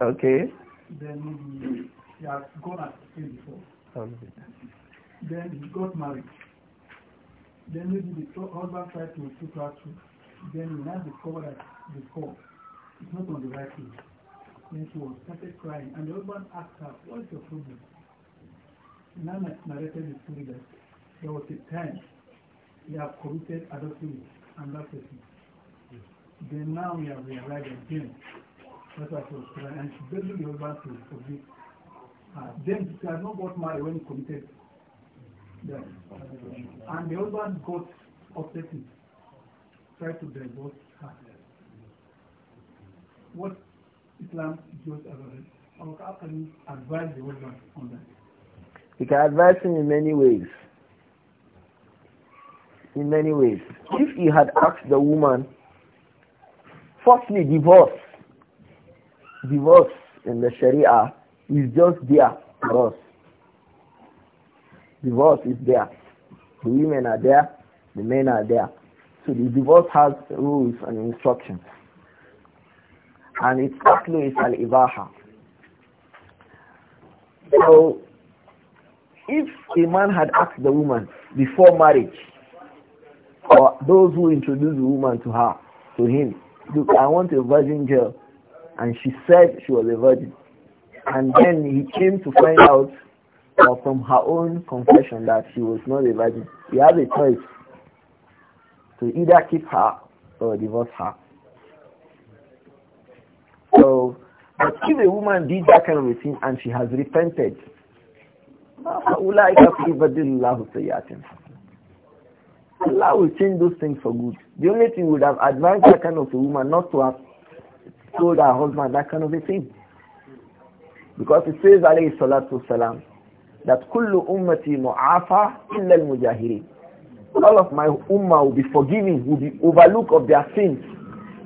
Okay. Then he has gone to seen before. Then he got married. Then maybe the husband tried to put her through. Then he now discovered that the call is not on the right thing. Then she was started crying, and the husband asked her, "What is your problem?" Nanak narrated the story that there was a time he had committed adultery and that person. Yes. Then now we have realized again that was was crying and she begged the husband to forgive her. Then she had not got married when he committed that. And the husband got upset, tried to divorce her. What Islam just about it? How can you advise the husband on that? He can advise him in many ways. In many ways. If he had asked the woman, firstly, divorce. Divorce in the Sharia is just there for us. Divorce is there. The women are there, the men are there. So the divorce has rules and instructions. And its actually is al-ibaha. So if a man had asked the woman before marriage, or those who introduced the woman to her, to him, look, I want a virgin girl, and she said she was a virgin. And then he came to find out or from her own confession that she was not a virgin. He has a choice to either keep her or divorce her. So, but if a woman did that kind of a thing and she has repented, فِي بَدِلِ اللَّهُ Allah will change those things for good. The only thing would have advised that kind of a woman not to have told her husband that kind of a thing. Because it says, alayhi salatu salam, that kullu ummati mu'afa illa al-mujahirin. All of my ummah will be forgiven, will be overlooked of their sins,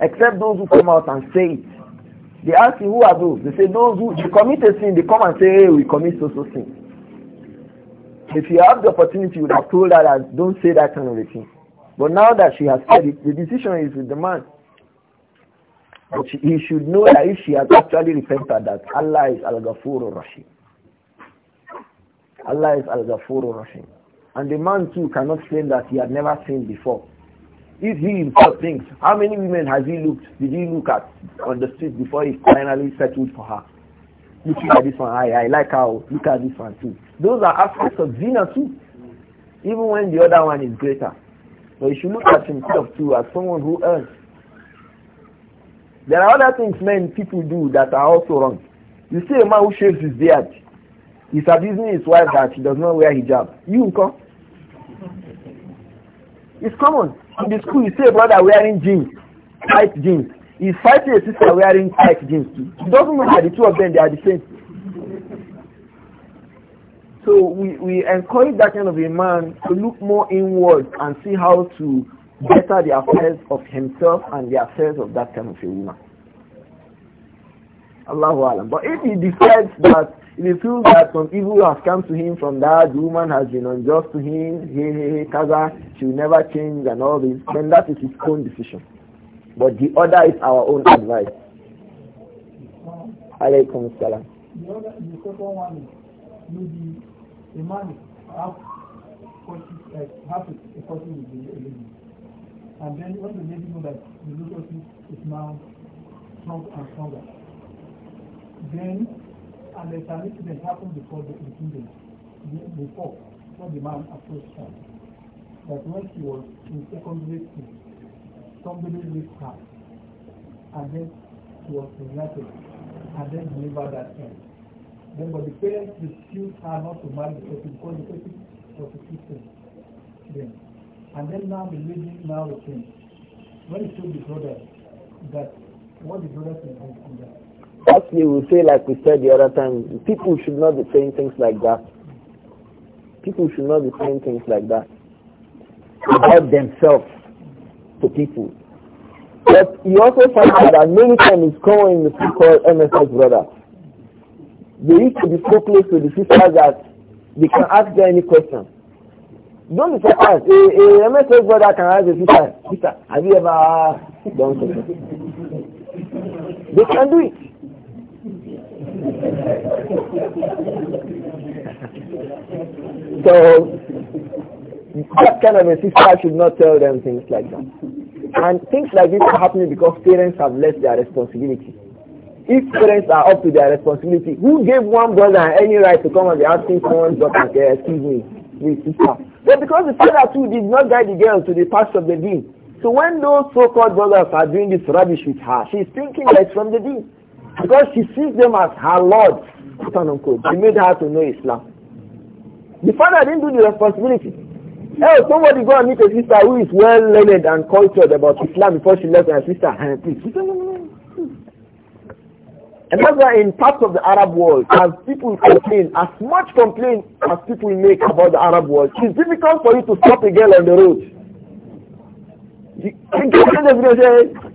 except those who come out and say it. They ask you, who are those? They say, those who they commit a sin, they come and say, hey, we commit so-so sin. If you have the opportunity, you would have told her that don't say that kind of a thing. But now that she has said it, the decision is with the man. But she, he should know that if she has actually repented that Allah is Al-Ghafur Rahim. Allah is Al-Ghafur Rahim. And the man too cannot claim that he had never sinned before. If he himself thinks, how many women has he looked, did he look at on the street before he finally settled for her? Looking at this one, I, I like how, look at this one too. Those are aspects of zina too. Even when the other one is greater. But you should look at himself too as someone who earns. There are other things men, people do that are also wrong. You see a man who shaves his beard. He's abusing his wife that she does not wear hijab. You come. It's common. In the school, you see a brother wearing jeans, tight jeans. He's fighting a sister wearing tight jeans too. He doesn't know that the two of them, they are the same. So we, we encourage that kind of a man to look more inward and see how to better the affairs of himself and the affairs of that kind of a woman. Allahu Alam. But if he decides that if he feels that some evil has come to him from that, the woman has been unjust to him, he, he, he, kaza, she will never change and all this, then that is his own decision. But the other is our own advice. Alaykum salam. The other, the second one is maybe a man has has a person with a lady, and then when the lady know that the relationship is now strong and stronger, then and there's an incident happened before the incident, before, before the man approached her, that when she was in secondary school, somebody raped her and then she was kidnapped and then deliver that child. Then but the parents refused her not to marry the person because the person was a Christian then. And then now the lady now the When he told the brother that what the brother said was that. Actually, we say like we said the other time, people should not be saying things like that. People should not be saying things like that about themselves to people. But you also find out that many times it's common in the so-called MSS brother. They used to be so close to the sister that they can ask them any question. Don't be surprised. A, a MSS brother can ask the sister, sister, have you ever done something? they can do it. so that kind of a sister should not tell them things like that. And things like this are happening because parents have left their responsibility. If parents are up to their responsibility, who gave one brother any right to come and be asking someone's daughter, okay, uh, excuse me, please sister? But because the father too did not guide the girl to the path of the deen. So when those so-called brothers are doing this rubbish with her, she's thinking that it's from the deen. Because she sees them as her lord, quote unquote. She made her to know Islam. The father didn't do the responsibility. Hey, somebody go and meet a sister who is well learned and cultured about Islam before she left her sister. And that's why in parts of the Arab world, as people complain, as much complaint as people make about the Arab world, it's difficult for you to stop a girl on the road.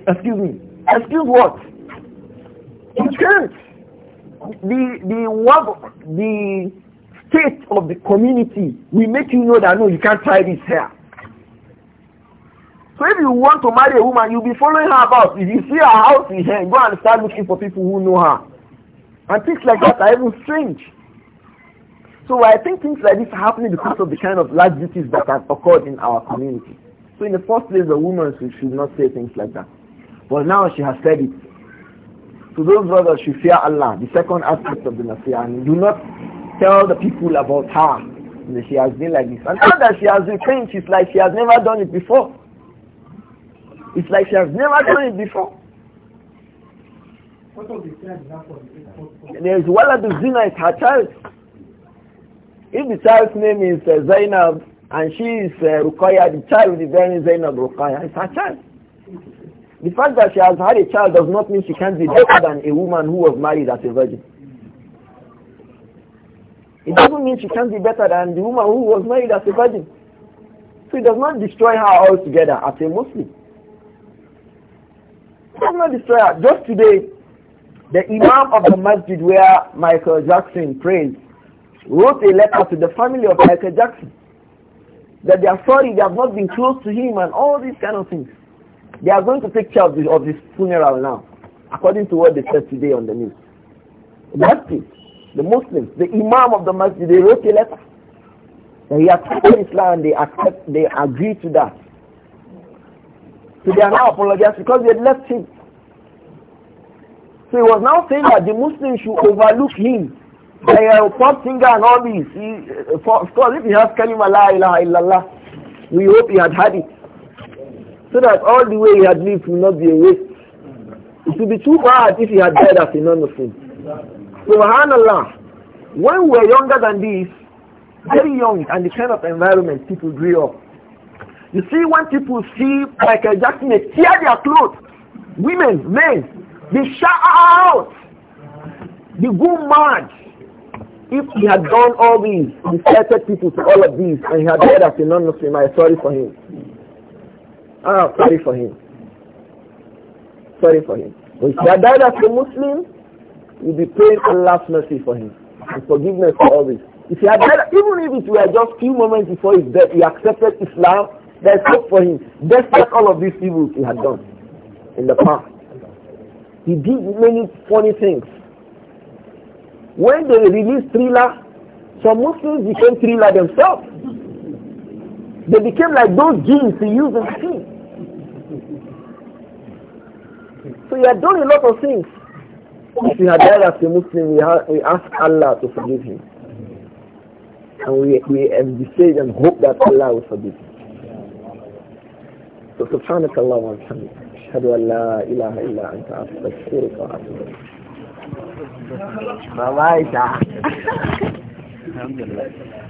excuse me, excuse what? You can't. The, the, the state of the community will make you know that no, you can't tie this hair. So if you want to marry a woman, you'll be following her about. If you see her house in here, go and start looking for people who know her. And things like that are even strange. So I think things like this are happening because of the kind of laxities that have occurred in our community. So in the first place, the woman should not say things like that. But now she has said it. So those brothers should fear Allah, the second aspect of the Nasiya, and do not tell the people about her. She has been like this. And now that she has repent, it's like she has never done it before. It's like she has never done it before. There's the Zina is her child. If the child's name is uh, Zainab and she is uh, Rukaya, the child is very Zainab Rukaya, Is her child. The fact that she has had a child does not mean she can't be better than a woman who was married as a virgin. It doesn't mean she can't be better than the woman who was married as a virgin. So it does not destroy her altogether as a Muslim. It does not destroy her. Just today, the Imam of the masjid where Michael Jackson prays wrote a letter to the family of Michael Jackson that they are sorry they have not been close to him and all these kind of things. They are going to take charge of his funeral now, according to what they said today on the news. That's it the Muslims, the Imam of the Masjid, they wrote a letter. They he accepted Islam and they accept, they agree to that. So they are now apologizing because they left him. So he was now saying that the Muslims should overlook him. They are third finger and all this. He, for, of course, if he has kalima la ilaha illallah, we hope he had had it. So that all the way he had lived will not be a waste. It would be too bad if he had died as a non-Muslim. Subhanallah, when we were younger than this, very young and the kind of environment people grew up. You see, when people see Michael Jackson, they tear their clothes. Women, men, they shout out. They go mad. If he had done all these, incited people to all of these, and he had died as a non-Muslim, I am sorry for him. Ah, sorry for him. Sorry for him. But if he had died as a Muslim, you'll be praying Allah's mercy for him and forgiveness for all this. If he had died, even if it were just few moments before his death, he accepted Islam, there's hope for him. Despite all of these evils he had done in the past. He did many funny things. When they released Thriller, some Muslims became Thriller themselves. They became like those genes he used in the sea. So he had done a lot of things. If you had died as a Muslim, we, we ask Allah to forgive him. And we, we envisage and hope that Allah will forgive him. So سبحانك اللهم وبحمدك أشهد illa لا إله إلا أنت أستغفرك bye.